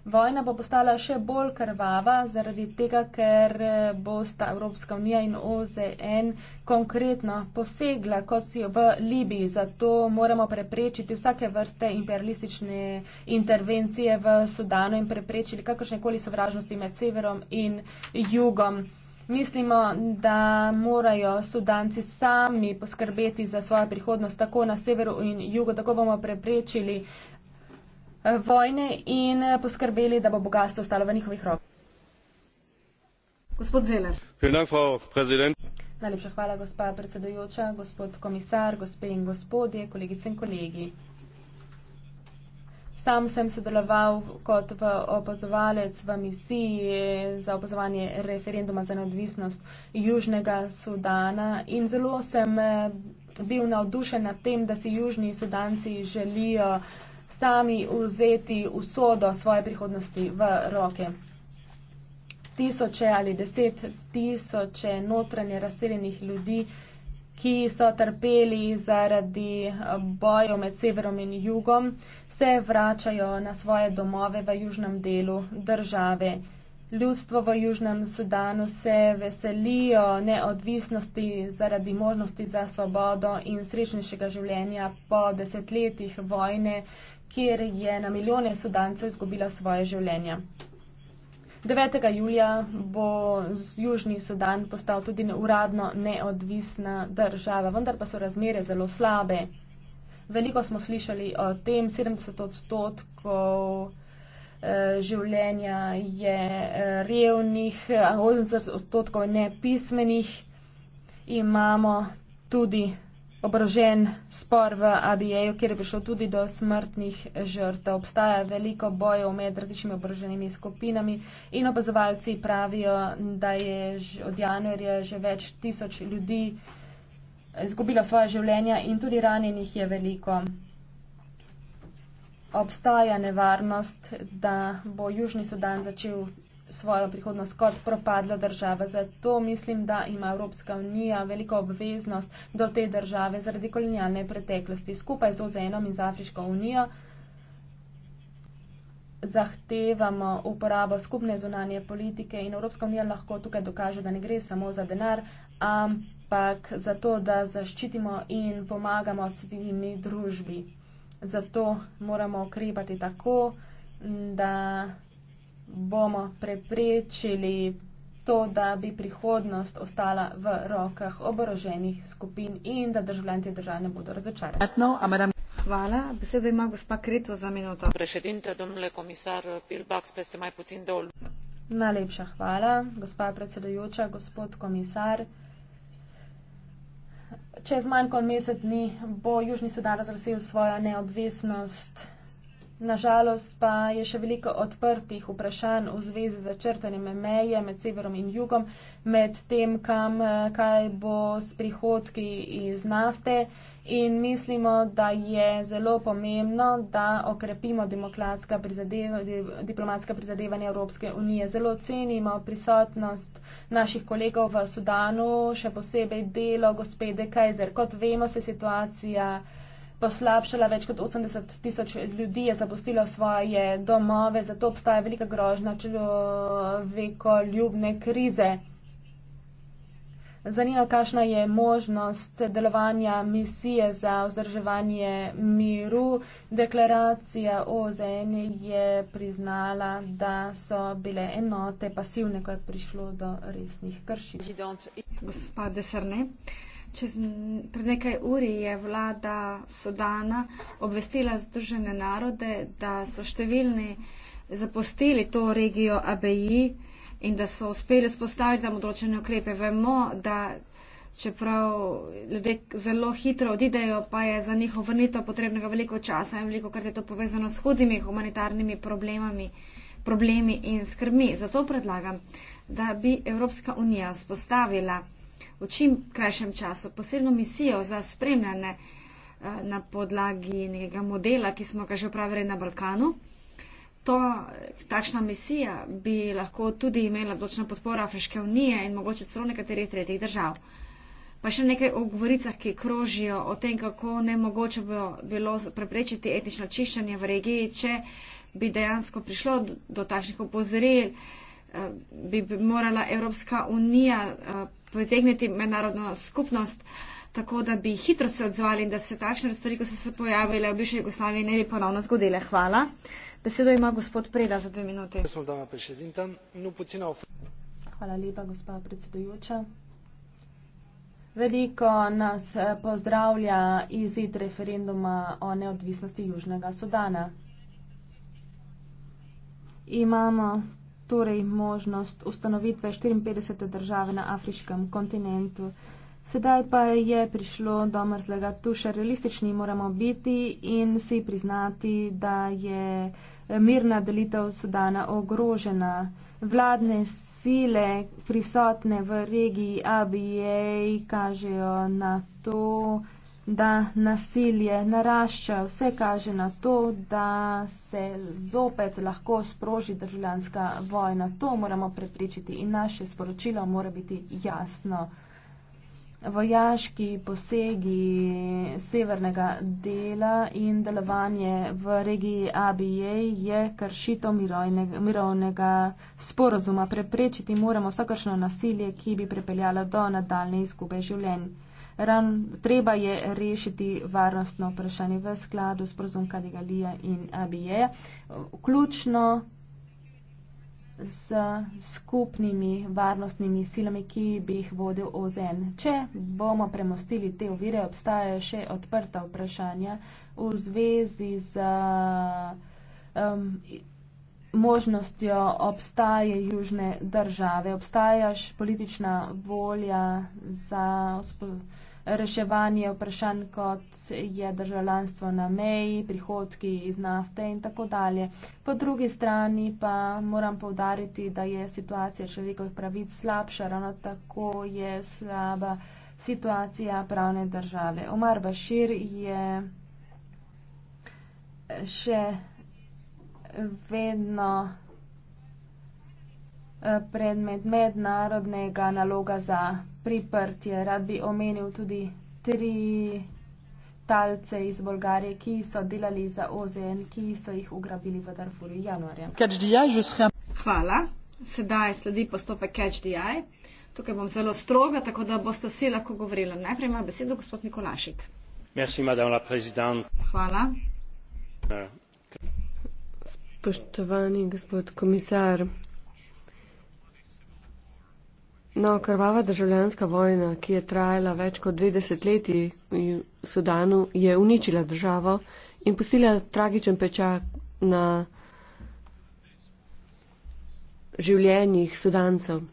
Vojna bo postala še bolj krvava zaradi tega, ker eh, bo sta Evropska unija in OZN konkretno posegla kot si v Libiji. Zato moramo preprečiti vsake vrste imperialistične intervencije v Sudanu in preprečiti kakršnekoli sovražnosti med severom in jugom. Mislimo, da morajo sudanci sami poskrbeti za svojo prihodnost tako na severu in jugu, tako bomo preprečili vojne in eh, poskrbeli, da bo bogatstvo ostalo v njihovih rokah. Gospod Zeler. Najlepša hvala, gospa predsedujoča, gospod komisar, gospe in gospodje, kolegice in kolegi. Sam sem sodeloval kot opazovalec v misiji za opazovanje referenduma za neodvisnost Južnega Sudana in zelo sem eh, bil navdušen nad tem, da si južni sudanci želijo sami vzeti usodo svoje prihodnosti v roke. Tisoče ali deset tisoče notranje razseljenih ljudi, ki so trpeli zaradi eh, bojo med severom in jugom, se vračajo na svoje domove v južnem delu države. Ljudstvo v Južnem Sudanu se veselijo neodvisnosti zaradi možnosti za svobodo in srečnejšega življenja po desetletjih vojne, kjer je na milijone sudancev izgubila svoje življenje. 9. julija bo Južni Sudan postal tudi uradno neodvisna država, vendar pa so razmere zelo slabe. Veliko smo slišali o tem, 70 odstotkov eh, življenja je eh, revnih, 80 odstotkov nepismenih. Imamo tudi obrožen spor v ABA-ju, kjer je prišlo tudi do smrtnih žrtev. Obstaja veliko bojev med različnimi obroženimi skupinami in opazovalci pravijo, da je od januarja že več tisoč ljudi izgubilo svoje življenja in tudi ranjenih je veliko. Obstaja nevarnost, da bo Južni Sudan začel svojo prihodnost kot propadla država. Zato mislim, da ima Evropska unija veliko obveznost do te države zaradi kolonialne preteklosti. Skupaj z OZN-om in z Afriško unijo zahtevamo uporabo skupne zunanje politike in Evropska unija lahko tukaj dokaže, da ne gre samo za denar, ampak za to, da zaščitimo in pomagamo civilni družbi. Zato moramo ukrepati tako, da bomo preprečili to, da bi prihodnost ostala v rokah oboroženih skupin in da državljanje države ne bodo razočarani. Hvala. Besedo ima gospa Krito za minuto. Najlepša hvala, gospa predsedujoča, gospod komisar. Čez manj kot mesec dni bo Južni Sudan razglasil svojo neodvisnost Nažalost pa je še veliko odprtih vprašanj v zvezi z črtanjem meje med severom in jugom, med tem, kam, kaj bo s prihodki iz nafte in mislimo, da je zelo pomembno, da okrepimo prizadeva, diplomatska prizadevanja Evropske unije. Zelo cenimo prisotnost naših kolegov v Sudanu, še posebej delo gospede Kajzer. Kot vemo, se situacija poslabšala. Več kot 80 tisoč ljudi je zapustilo svoje domove, zato obstaja velika grožnja človekoljubne krize. Zanima, kakšna je možnost delovanja misije za vzdrževanje miru. Deklaracija OZN je priznala, da so bile enote pasivne, ko je prišlo do resnih kršitev čez nekaj uri je vlada Sudana obvestila Združene narode, da so številni zapustili to regijo ABI in da so uspeli spostaviti tam odločene ukrepe. Vemo, da čeprav ljudje zelo hitro odidejo, pa je za njihov vrnitev potrebnega veliko časa in veliko krat je to povezano s hudimi humanitarnimi problemami, problemi in skrbmi. Zato predlagam, da bi Evropska unija spostavila v čim krajšem času posebno misijo za spremljanje eh, na podlagi nekega modela, ki smo ga že upravili na Balkanu. To, takšna misija bi lahko tudi imela odločna podpora Afriške unije in mogoče celo nekaterih tretjih držav. Pa še nekaj o govoricah, ki krožijo o tem, kako ne mogoče bi bilo preprečiti etnično čiščenje v regiji, če bi dejansko prišlo do, do takšnih opozoril bi morala Evropska unija eh, pritegniti mednarodno skupnost, tako da bi hitro se odzvali in da se takšne stvari, ko so se pojavile v bivši Jugoslaviji, ne bi ponovno zgodile. Hvala. Besedo ima gospod Preda za dve minute. No, Hvala lepa, gospa predsedujoča. Veliko nas eh, pozdravlja izid referenduma o neodvisnosti Južnega Sudana. Imamo torej možnost ustanovitve 54. države na afriškem kontinentu. Sedaj pa je prišlo do mrzlega tuša, realistični moramo biti in si priznati, da je mirna delitev Sudana ogrožena. Vladne sile prisotne v regiji ABA kažejo na to, da nasilje narašča. Vse kaže na to, da se zopet lahko sproži državljanska vojna. To moramo prepričiti in naše sporočilo mora biti jasno. Vojaški posegi severnega dela in delovanje v regiji ABA je kršito mirovnega, mirovnega sporozuma. Preprečiti moramo vsakršno nasilje, ki bi pripeljalo do nadaljne izgube življenj ran, treba je rešiti varnostno vprašanje v skladu s prozom Kadigalija in ABE, vključno s skupnimi varnostnimi silami, ki bi jih vodil OZN. Če bomo premostili te ovire, obstajajo še odprta vprašanja v zvezi z um, možnostjo obstaje južne države, obstajaš politična volja za reševanje vprašanj, kot je državljanstvo na meji, prihodki iz nafte in tako dalje. Po drugi strani pa moram povdariti, da je situacija človekovih pravic slabša, ravno tako je slaba situacija pravne države. Omar Bashir je še vedno eh, predmet mednarodnega naloga za priprtje. Rad bi omenil tudi tri talce iz Bolgarije, ki so delali za OZN, ki so jih ugrabili v Darfurju januarja. Hvala. Sedaj sledi postopek Catch the Eye. Tukaj bom zelo stroga, tako da boste vsi lahko govorili. Najprej ima besedo gospod Nikolašik. Merci, Hvala. Euh, Spoštovani gospod komisar, no, krvava državljanska vojna, ki je trajala več kot dve desetletji v Sudanu, je uničila državo in pustila tragičen pečak na življenjih sudancev.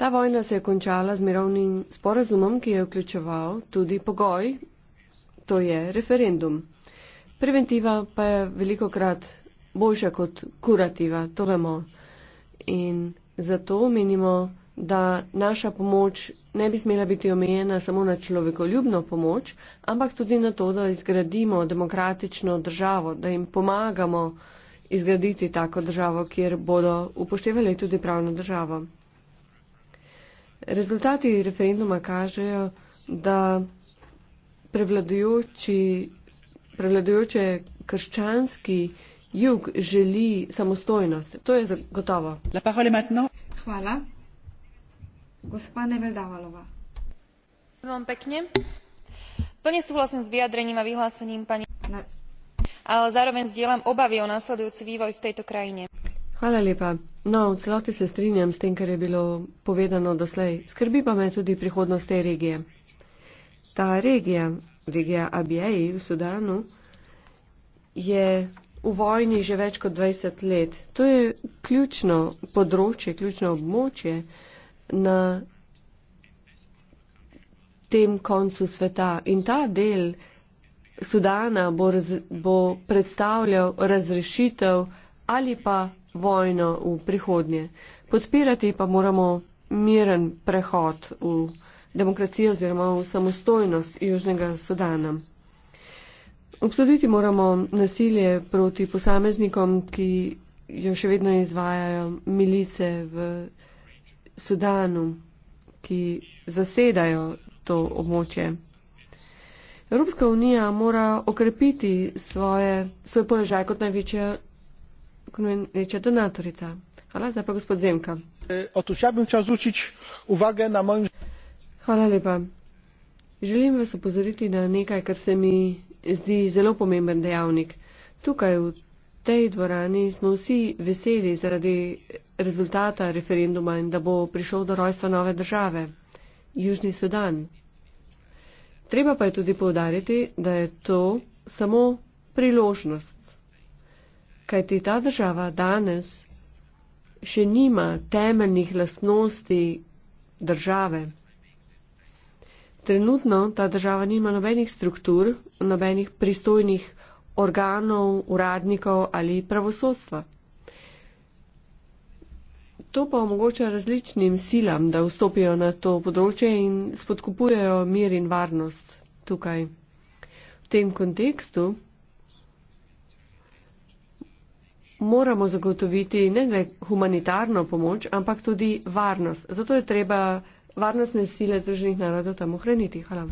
Ta vojna se je končala z mirovnim sporazumom, ki je vključeval tudi pogoj, to je referendum. Preventiva pa je veliko krat boljša kot kurativa, to vemo. In zato menimo, da naša pomoč ne bi smela biti omejena samo na človekoljubno pomoč, ampak tudi na to, da izgradimo demokratično državo, da jim pomagamo izgraditi tako državo, kjer bodo upoštevali tudi pravno državo. Rezultati referenduma kažejo, da prevladujoči prevladujoče krščanski jug želi samostojnost. To je zagotovo. Hvala. Gospa Neveldavalova. Vom pekne. Plne súhlasím s vyjadrením a vyhlásením pani. Ale zároveň sdielam obavy o následujúci vývoj v tejto krajine. Hvala lepa. No, v celoti se strinjam s tem, kar je bilo povedano doslej. Skrbi pa me tudi prihodnost tej regije. Ta regija regija Abjeji v Sudanu, je v vojni že več kot 20 let. To je ključno področje, ključno območje na tem koncu sveta. In ta del Sudana bo, raz, bo predstavljal razrešitev ali pa vojno v prihodnje. Podpirati pa moramo miren prehod v prihodnje demokracijo oziroma v samostojnost Južnega Sudana. Obsoditi moramo nasilje proti posameznikom, ki jo še vedno izvajajo milice v Sudanu, ki zasedajo to območje. Evropska unija mora okrepiti svoje, svoj položaj kot največja, kot največja donatorica. Hvala, zdaj pa gospod Zemka. E, otuš, ja Hvala lepa. Želim vas upozoriti na nekaj, kar se mi zdi zelo pomemben dejavnik. Tukaj v tej dvorani smo vsi veseli zaradi rezultata referenduma in da bo prišel do rojstva nove države, Južni Sudan. Treba pa je tudi povdariti, da je to samo priložnost, kajti ta država danes še nima temeljnih lastnosti države. Trenutno ta država nima nobenih struktur, nobenih pristojnih organov, uradnikov ali pravosodstva. To pa omogoča različnim silam, da vstopijo na to področje in spodkupujejo mir in varnost tukaj. V tem kontekstu moramo zagotoviti ne le humanitarno pomoč, ampak tudi varnost. Zato je treba varnostne sile Združenih narodov tam ohraniti. Hvala.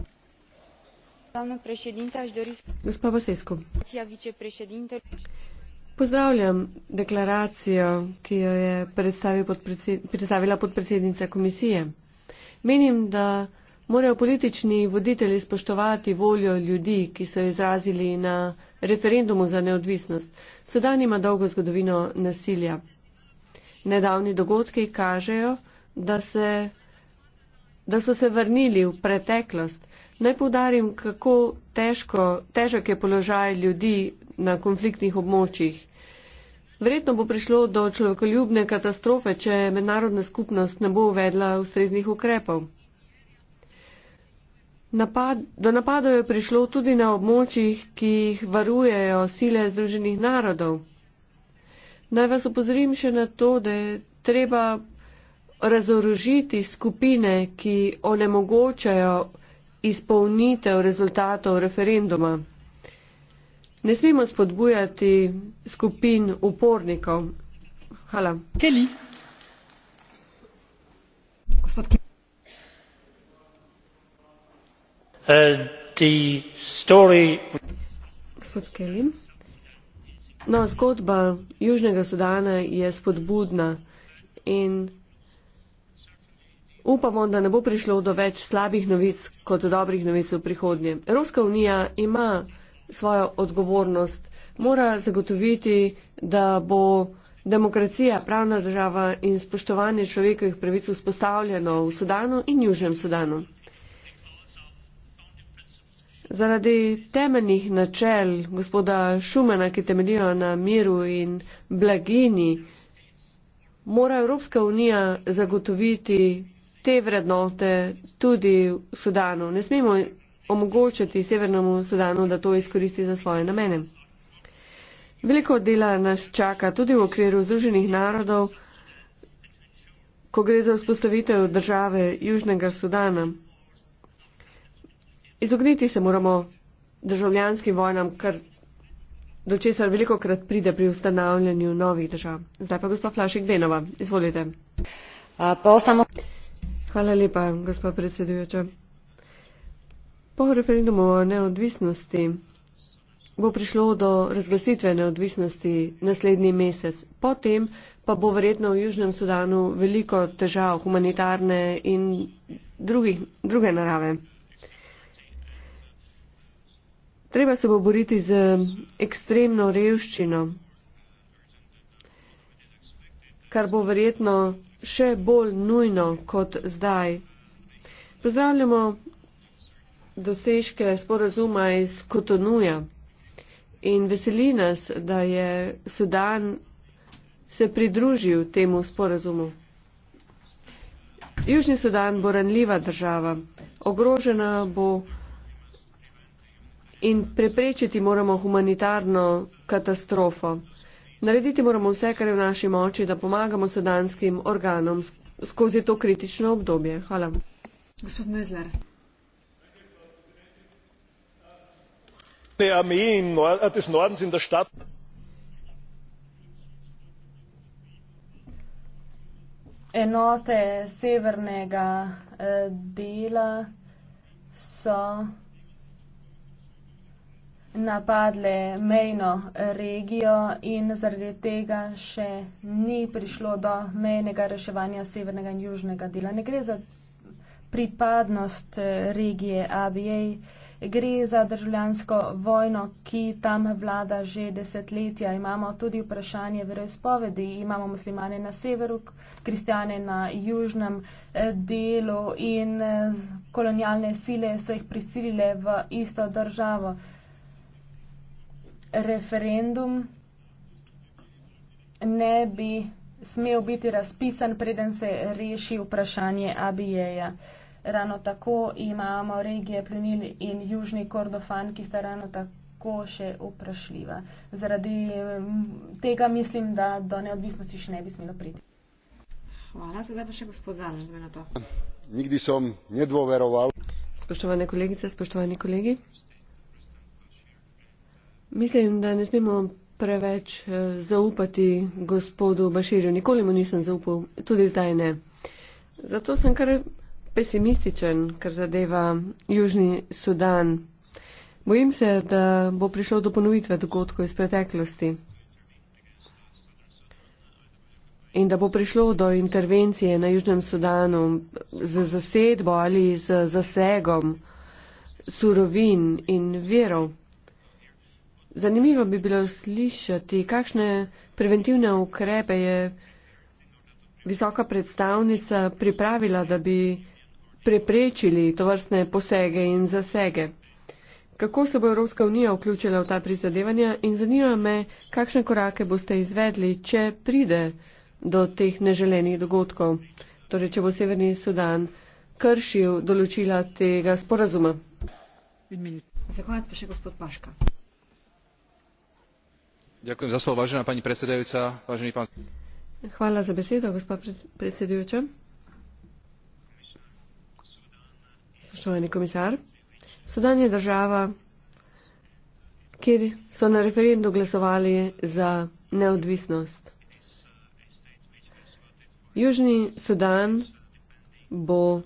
Glavno prešedinta, aš doris. Gospa Vasesko. Pozdravljam deklaracijo, ki jo je predstavil podpredsed, predstavila podpredsednica komisije. Menim, da morajo politični voditelji spoštovati voljo ljudi, ki so izrazili na referendumu za neodvisnost. Sodan ima dolgo zgodovino nasilja. Nedavni dogodki kažejo, da se da so se vrnili v preteklost. Naj podarim, kako težko, težek je položaj ljudi na konfliktnih območjih. Verjetno bo prišlo do človekoljubne katastrofe, če mednarodna skupnost ne bo uvedla ustreznih ukrepov. Napad, do napadov je prišlo tudi na območjih, ki jih varujejo sile Združenih narodov. Naj vas opozorim še na to, da je treba razorožiti skupine, ki onemogočajo izpolnitev rezultatov referenduma. Ne smemo spodbujati skupin upornikov. Hvala. Keli. Uh, Gospod Kelly. No, zgodba Južnega Sudana je spodbudna in Upamo, da ne bo prišlo do več slabih novic kot dobrih novic v prihodnje. Evropska unija ima svojo odgovornost, mora zagotoviti, da bo demokracija, pravna država in spoštovanje človekovih pravic vzpostavljeno v Sudanu in Južnem Sudanu. Zaradi temeljnih načel gospoda Šumana, ki temeljijo na miru in blagini, mora Evropska unija zagotoviti te vrednote tudi v Sudanu. Ne smemo omogočiti Severnemu Sudanu, da to izkoristi za svoje namene. Veliko dela nas čaka tudi v okviru Združenih narodov, ko gre za vzpostavitev države Južnega Sudana. Izogniti se moramo državljanskim vojnam, kar do česar veliko krat pride pri ustanavljanju novih držav. Zdaj pa gospod Flašek Benova, izvolite. Pa samo. Hvala lepa, gospa predsedujoča. Po referendumu o neodvisnosti bo prišlo do razglasitve neodvisnosti naslednji mesec. Potem pa bo verjetno v Južnem Sudanu veliko težav humanitarne in drugi, druge narave. Treba se bo boriti z ekstremno revščino, kar bo verjetno še bolj nujno kot zdaj. Pozdravljamo dosežke sporazuma iz Kotonuja in veseli nas, da je Sudan se pridružil temu sporazumu. Južni Sudan bo ranljiva država, ogrožena bo in preprečiti moramo humanitarno katastrofo. Narediti moramo vse, kar je v naši moči, da pomagamo sedanskim organom skozi to kritično obdobje. Hvala. Gospod Mezler. Er Enote severnega eh, dela so napadle mejno regijo in zaradi tega še ni prišlo do mejnega reševanja severnega in južnega dela. Ne gre za pripadnost eh, regije ABA, gre za državljansko vojno, ki tam vlada že desetletja. Imamo tudi vprašanje veroizpovedi, imamo muslimane na severu, kristjane na južnem eh, delu in eh, kolonialne sile so jih prisilile v isto državo referendum ne bi smel biti razpisan, preden se reši vprašanje ABJ-ja. Rano tako imamo regije Plenil in Južni Kordofan, ki sta rano tako še vprašljiva. Zaradi mm, tega mislim, da do neodvisnosti še ne bi smelo priti. Hvala, sedaj pa še gospod Zalaž, zmena to. Nikdi sem nedvoveroval. Spoštovane kolegice, spoštovani kolegi. Mislim, da ne smemo preveč eh, zaupati gospodu Baširju. Nikoli mu nisem zaupal, tudi zdaj ne. Zato sem kar pesimističen, kar zadeva Južni Sudan. Bojim se, da bo prišel do ponovitve dogodkov iz preteklosti in da bo prišlo do intervencije na Južnem Sudanu z zasedbo ali z zasegom surovin in verov. Zanimivo bi bilo slišati, kakšne preventivne ukrepe je visoka predstavnica pripravila, da bi preprečili to vrstne posege in zasege. Kako se bo Evropska unija vključila v ta prizadevanja in zanima me, kakšne korake boste izvedli, če pride do teh neželenih dogodkov, torej če bo Severni Sudan kršil določila tega sporazuma. Za konec pa še gospod Paška sudan je država kjer so na referendu glasovali za neodvisnost južni sudan bo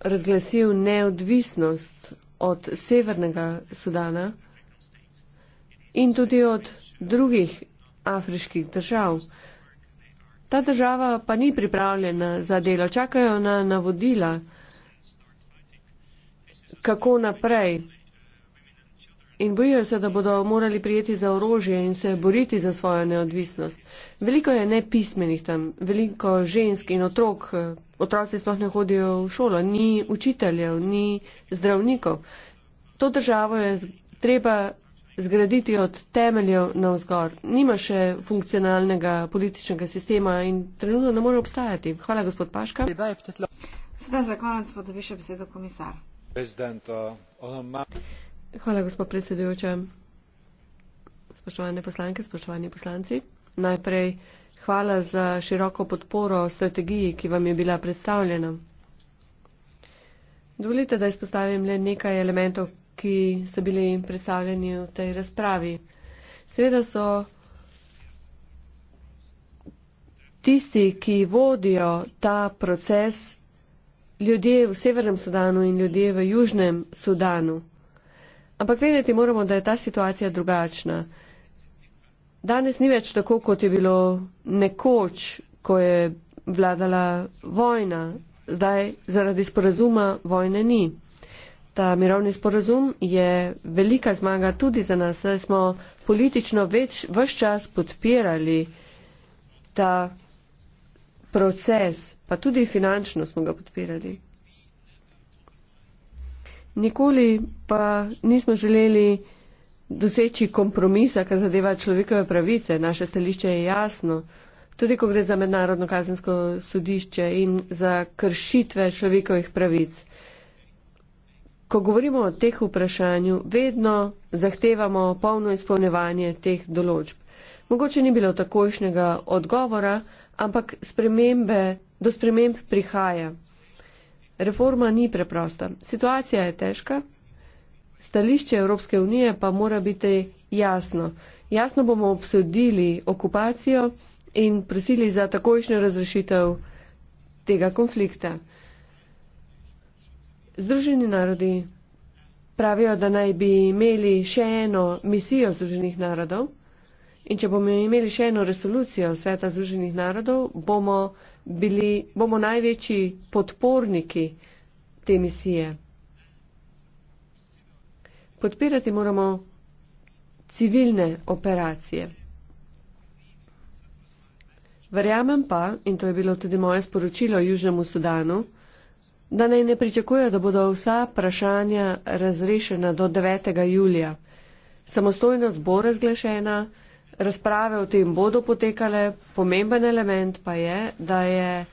razglasil neodvisnost od severnega sudana in tudi od drugih afriških držav. Ta država pa ni pripravljena za delo, čakajo na navodila, kako naprej. In bojijo se, da bodo morali prijeti za orožje in se boriti za svojo neodvisnost. Veliko je nepismenih tam, veliko žensk in otrok, otroci sploh ne hodijo v šolo, ni učiteljev, ni zdravnikov. To državo je treba zgraditi od temeljev navzgor. Nima še funkcionalnega političnega sistema in trenutno ne more obstajati. Hvala, gospod Paška. Sedaj za konec pa dobi še besedo komisar. Hvala, gospod predsedujoča. Spoštovane poslanke, spoštovani poslanci. Najprej hvala za široko podporo strategiji, ki vam je bila predstavljena. Dovolite, da izpostavim le nekaj elementov, ki so bili predstavljeni v tej razpravi. Seveda so tisti, ki vodijo ta proces, ljudje v Severnem Sudanu in ljudje v Južnem Sudanu. Ampak vedeti moramo, da je ta situacija drugačna. Danes ni več tako, kot je bilo nekoč, ko je vladala vojna. Zdaj zaradi sporazuma vojne ni. Ta mirovni sporozum je velika zmaga tudi za nas, saj smo politično več vse čas podpirali ta proces, pa tudi finančno smo ga podpirali. Nikoli pa nismo želeli doseči kompromisa, kar zadeva človekove pravice. Naše stališče je jasno, tudi ko gre za mednarodno kazensko sodišče in za kršitve človekovih pravic. Ko govorimo o teh vprašanju, vedno zahtevamo polno izpolnevanje teh določb. Mogoče ni bilo takojšnjega odgovora, ampak spremembe, do sprememb prihaja. Reforma ni preprosta. Situacija je težka, stališče Evropske unije pa mora biti jasno. Jasno bomo obsodili okupacijo in prosili za takojšnjo razrešitev tega konflikta. Združeni narodi pravijo, da naj bi imeli še eno misijo Združenih narodov in če bomo imeli še eno resolucijo Sveta Združenih narodov, bomo, bili, bomo največji podporniki te misije. Podpirati moramo civilne operacije. Verjamem pa, in to je bilo tudi moje sporočilo Južnemu Sudanu, da naj ne pričakuje, da bodo vsa vprašanja razrešena do 9. julija. Samostojnost bo razglašena, razprave o tem bodo potekale, pomemben element pa je, da je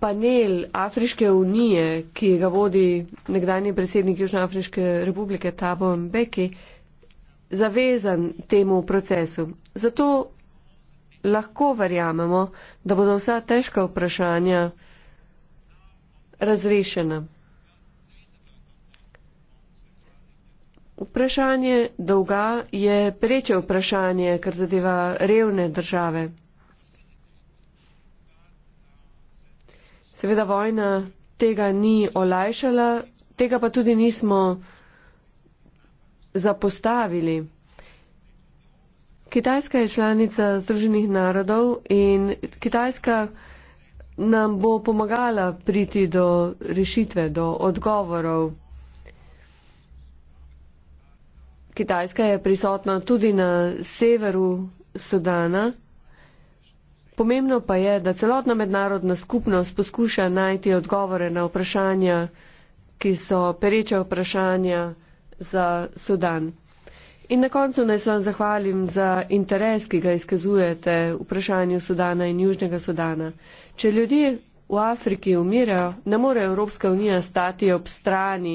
panel Afriške unije, ki ga vodi nekdani predsednik Južnoafriške republike Tabo Mbeki, zavezan temu procesu. Zato lahko verjamemo, da bodo vsa težka vprašanja razrešena. Vprašanje dolga je preče vprašanje, kar zadeva revne države. Seveda vojna tega ni olajšala, tega pa tudi nismo zapostavili. Kitajska je članica Združenih narodov in Kitajska nam bo pomagala priti do rešitve, do odgovorov. Kitajska je prisotna tudi na severu Sudana. Pomembno pa je, da celotna mednarodna skupnost poskuša najti odgovore na vprašanja, ki so pereče vprašanja za Sudan. In na koncu naj se vam zahvalim za interes, ki ga izkazujete v vprašanju Sudana in Južnega Sudana. Če ljudje v Afriki umirajo, ne more Evropska unija stati ob strani,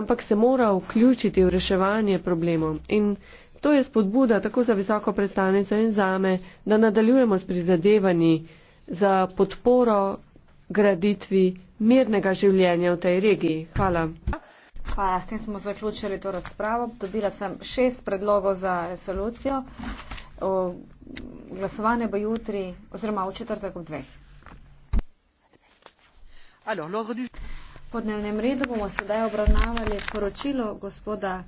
ampak se mora vključiti v reševanje problemov. In to je spodbuda tako za visoko predstavnico in zame, da nadaljujemo s prizadevanji za podporo graditvi mirnega življenja v tej regiji. Hvala. Hvala, s tem smo zaključili to razpravo. Dobila sem šest predlogov za resolucijo. O, glasovanje bo jutri oziroma v četrtek ob dveh. Po dnevnem redu bomo sedaj obravnavali poročilo gospoda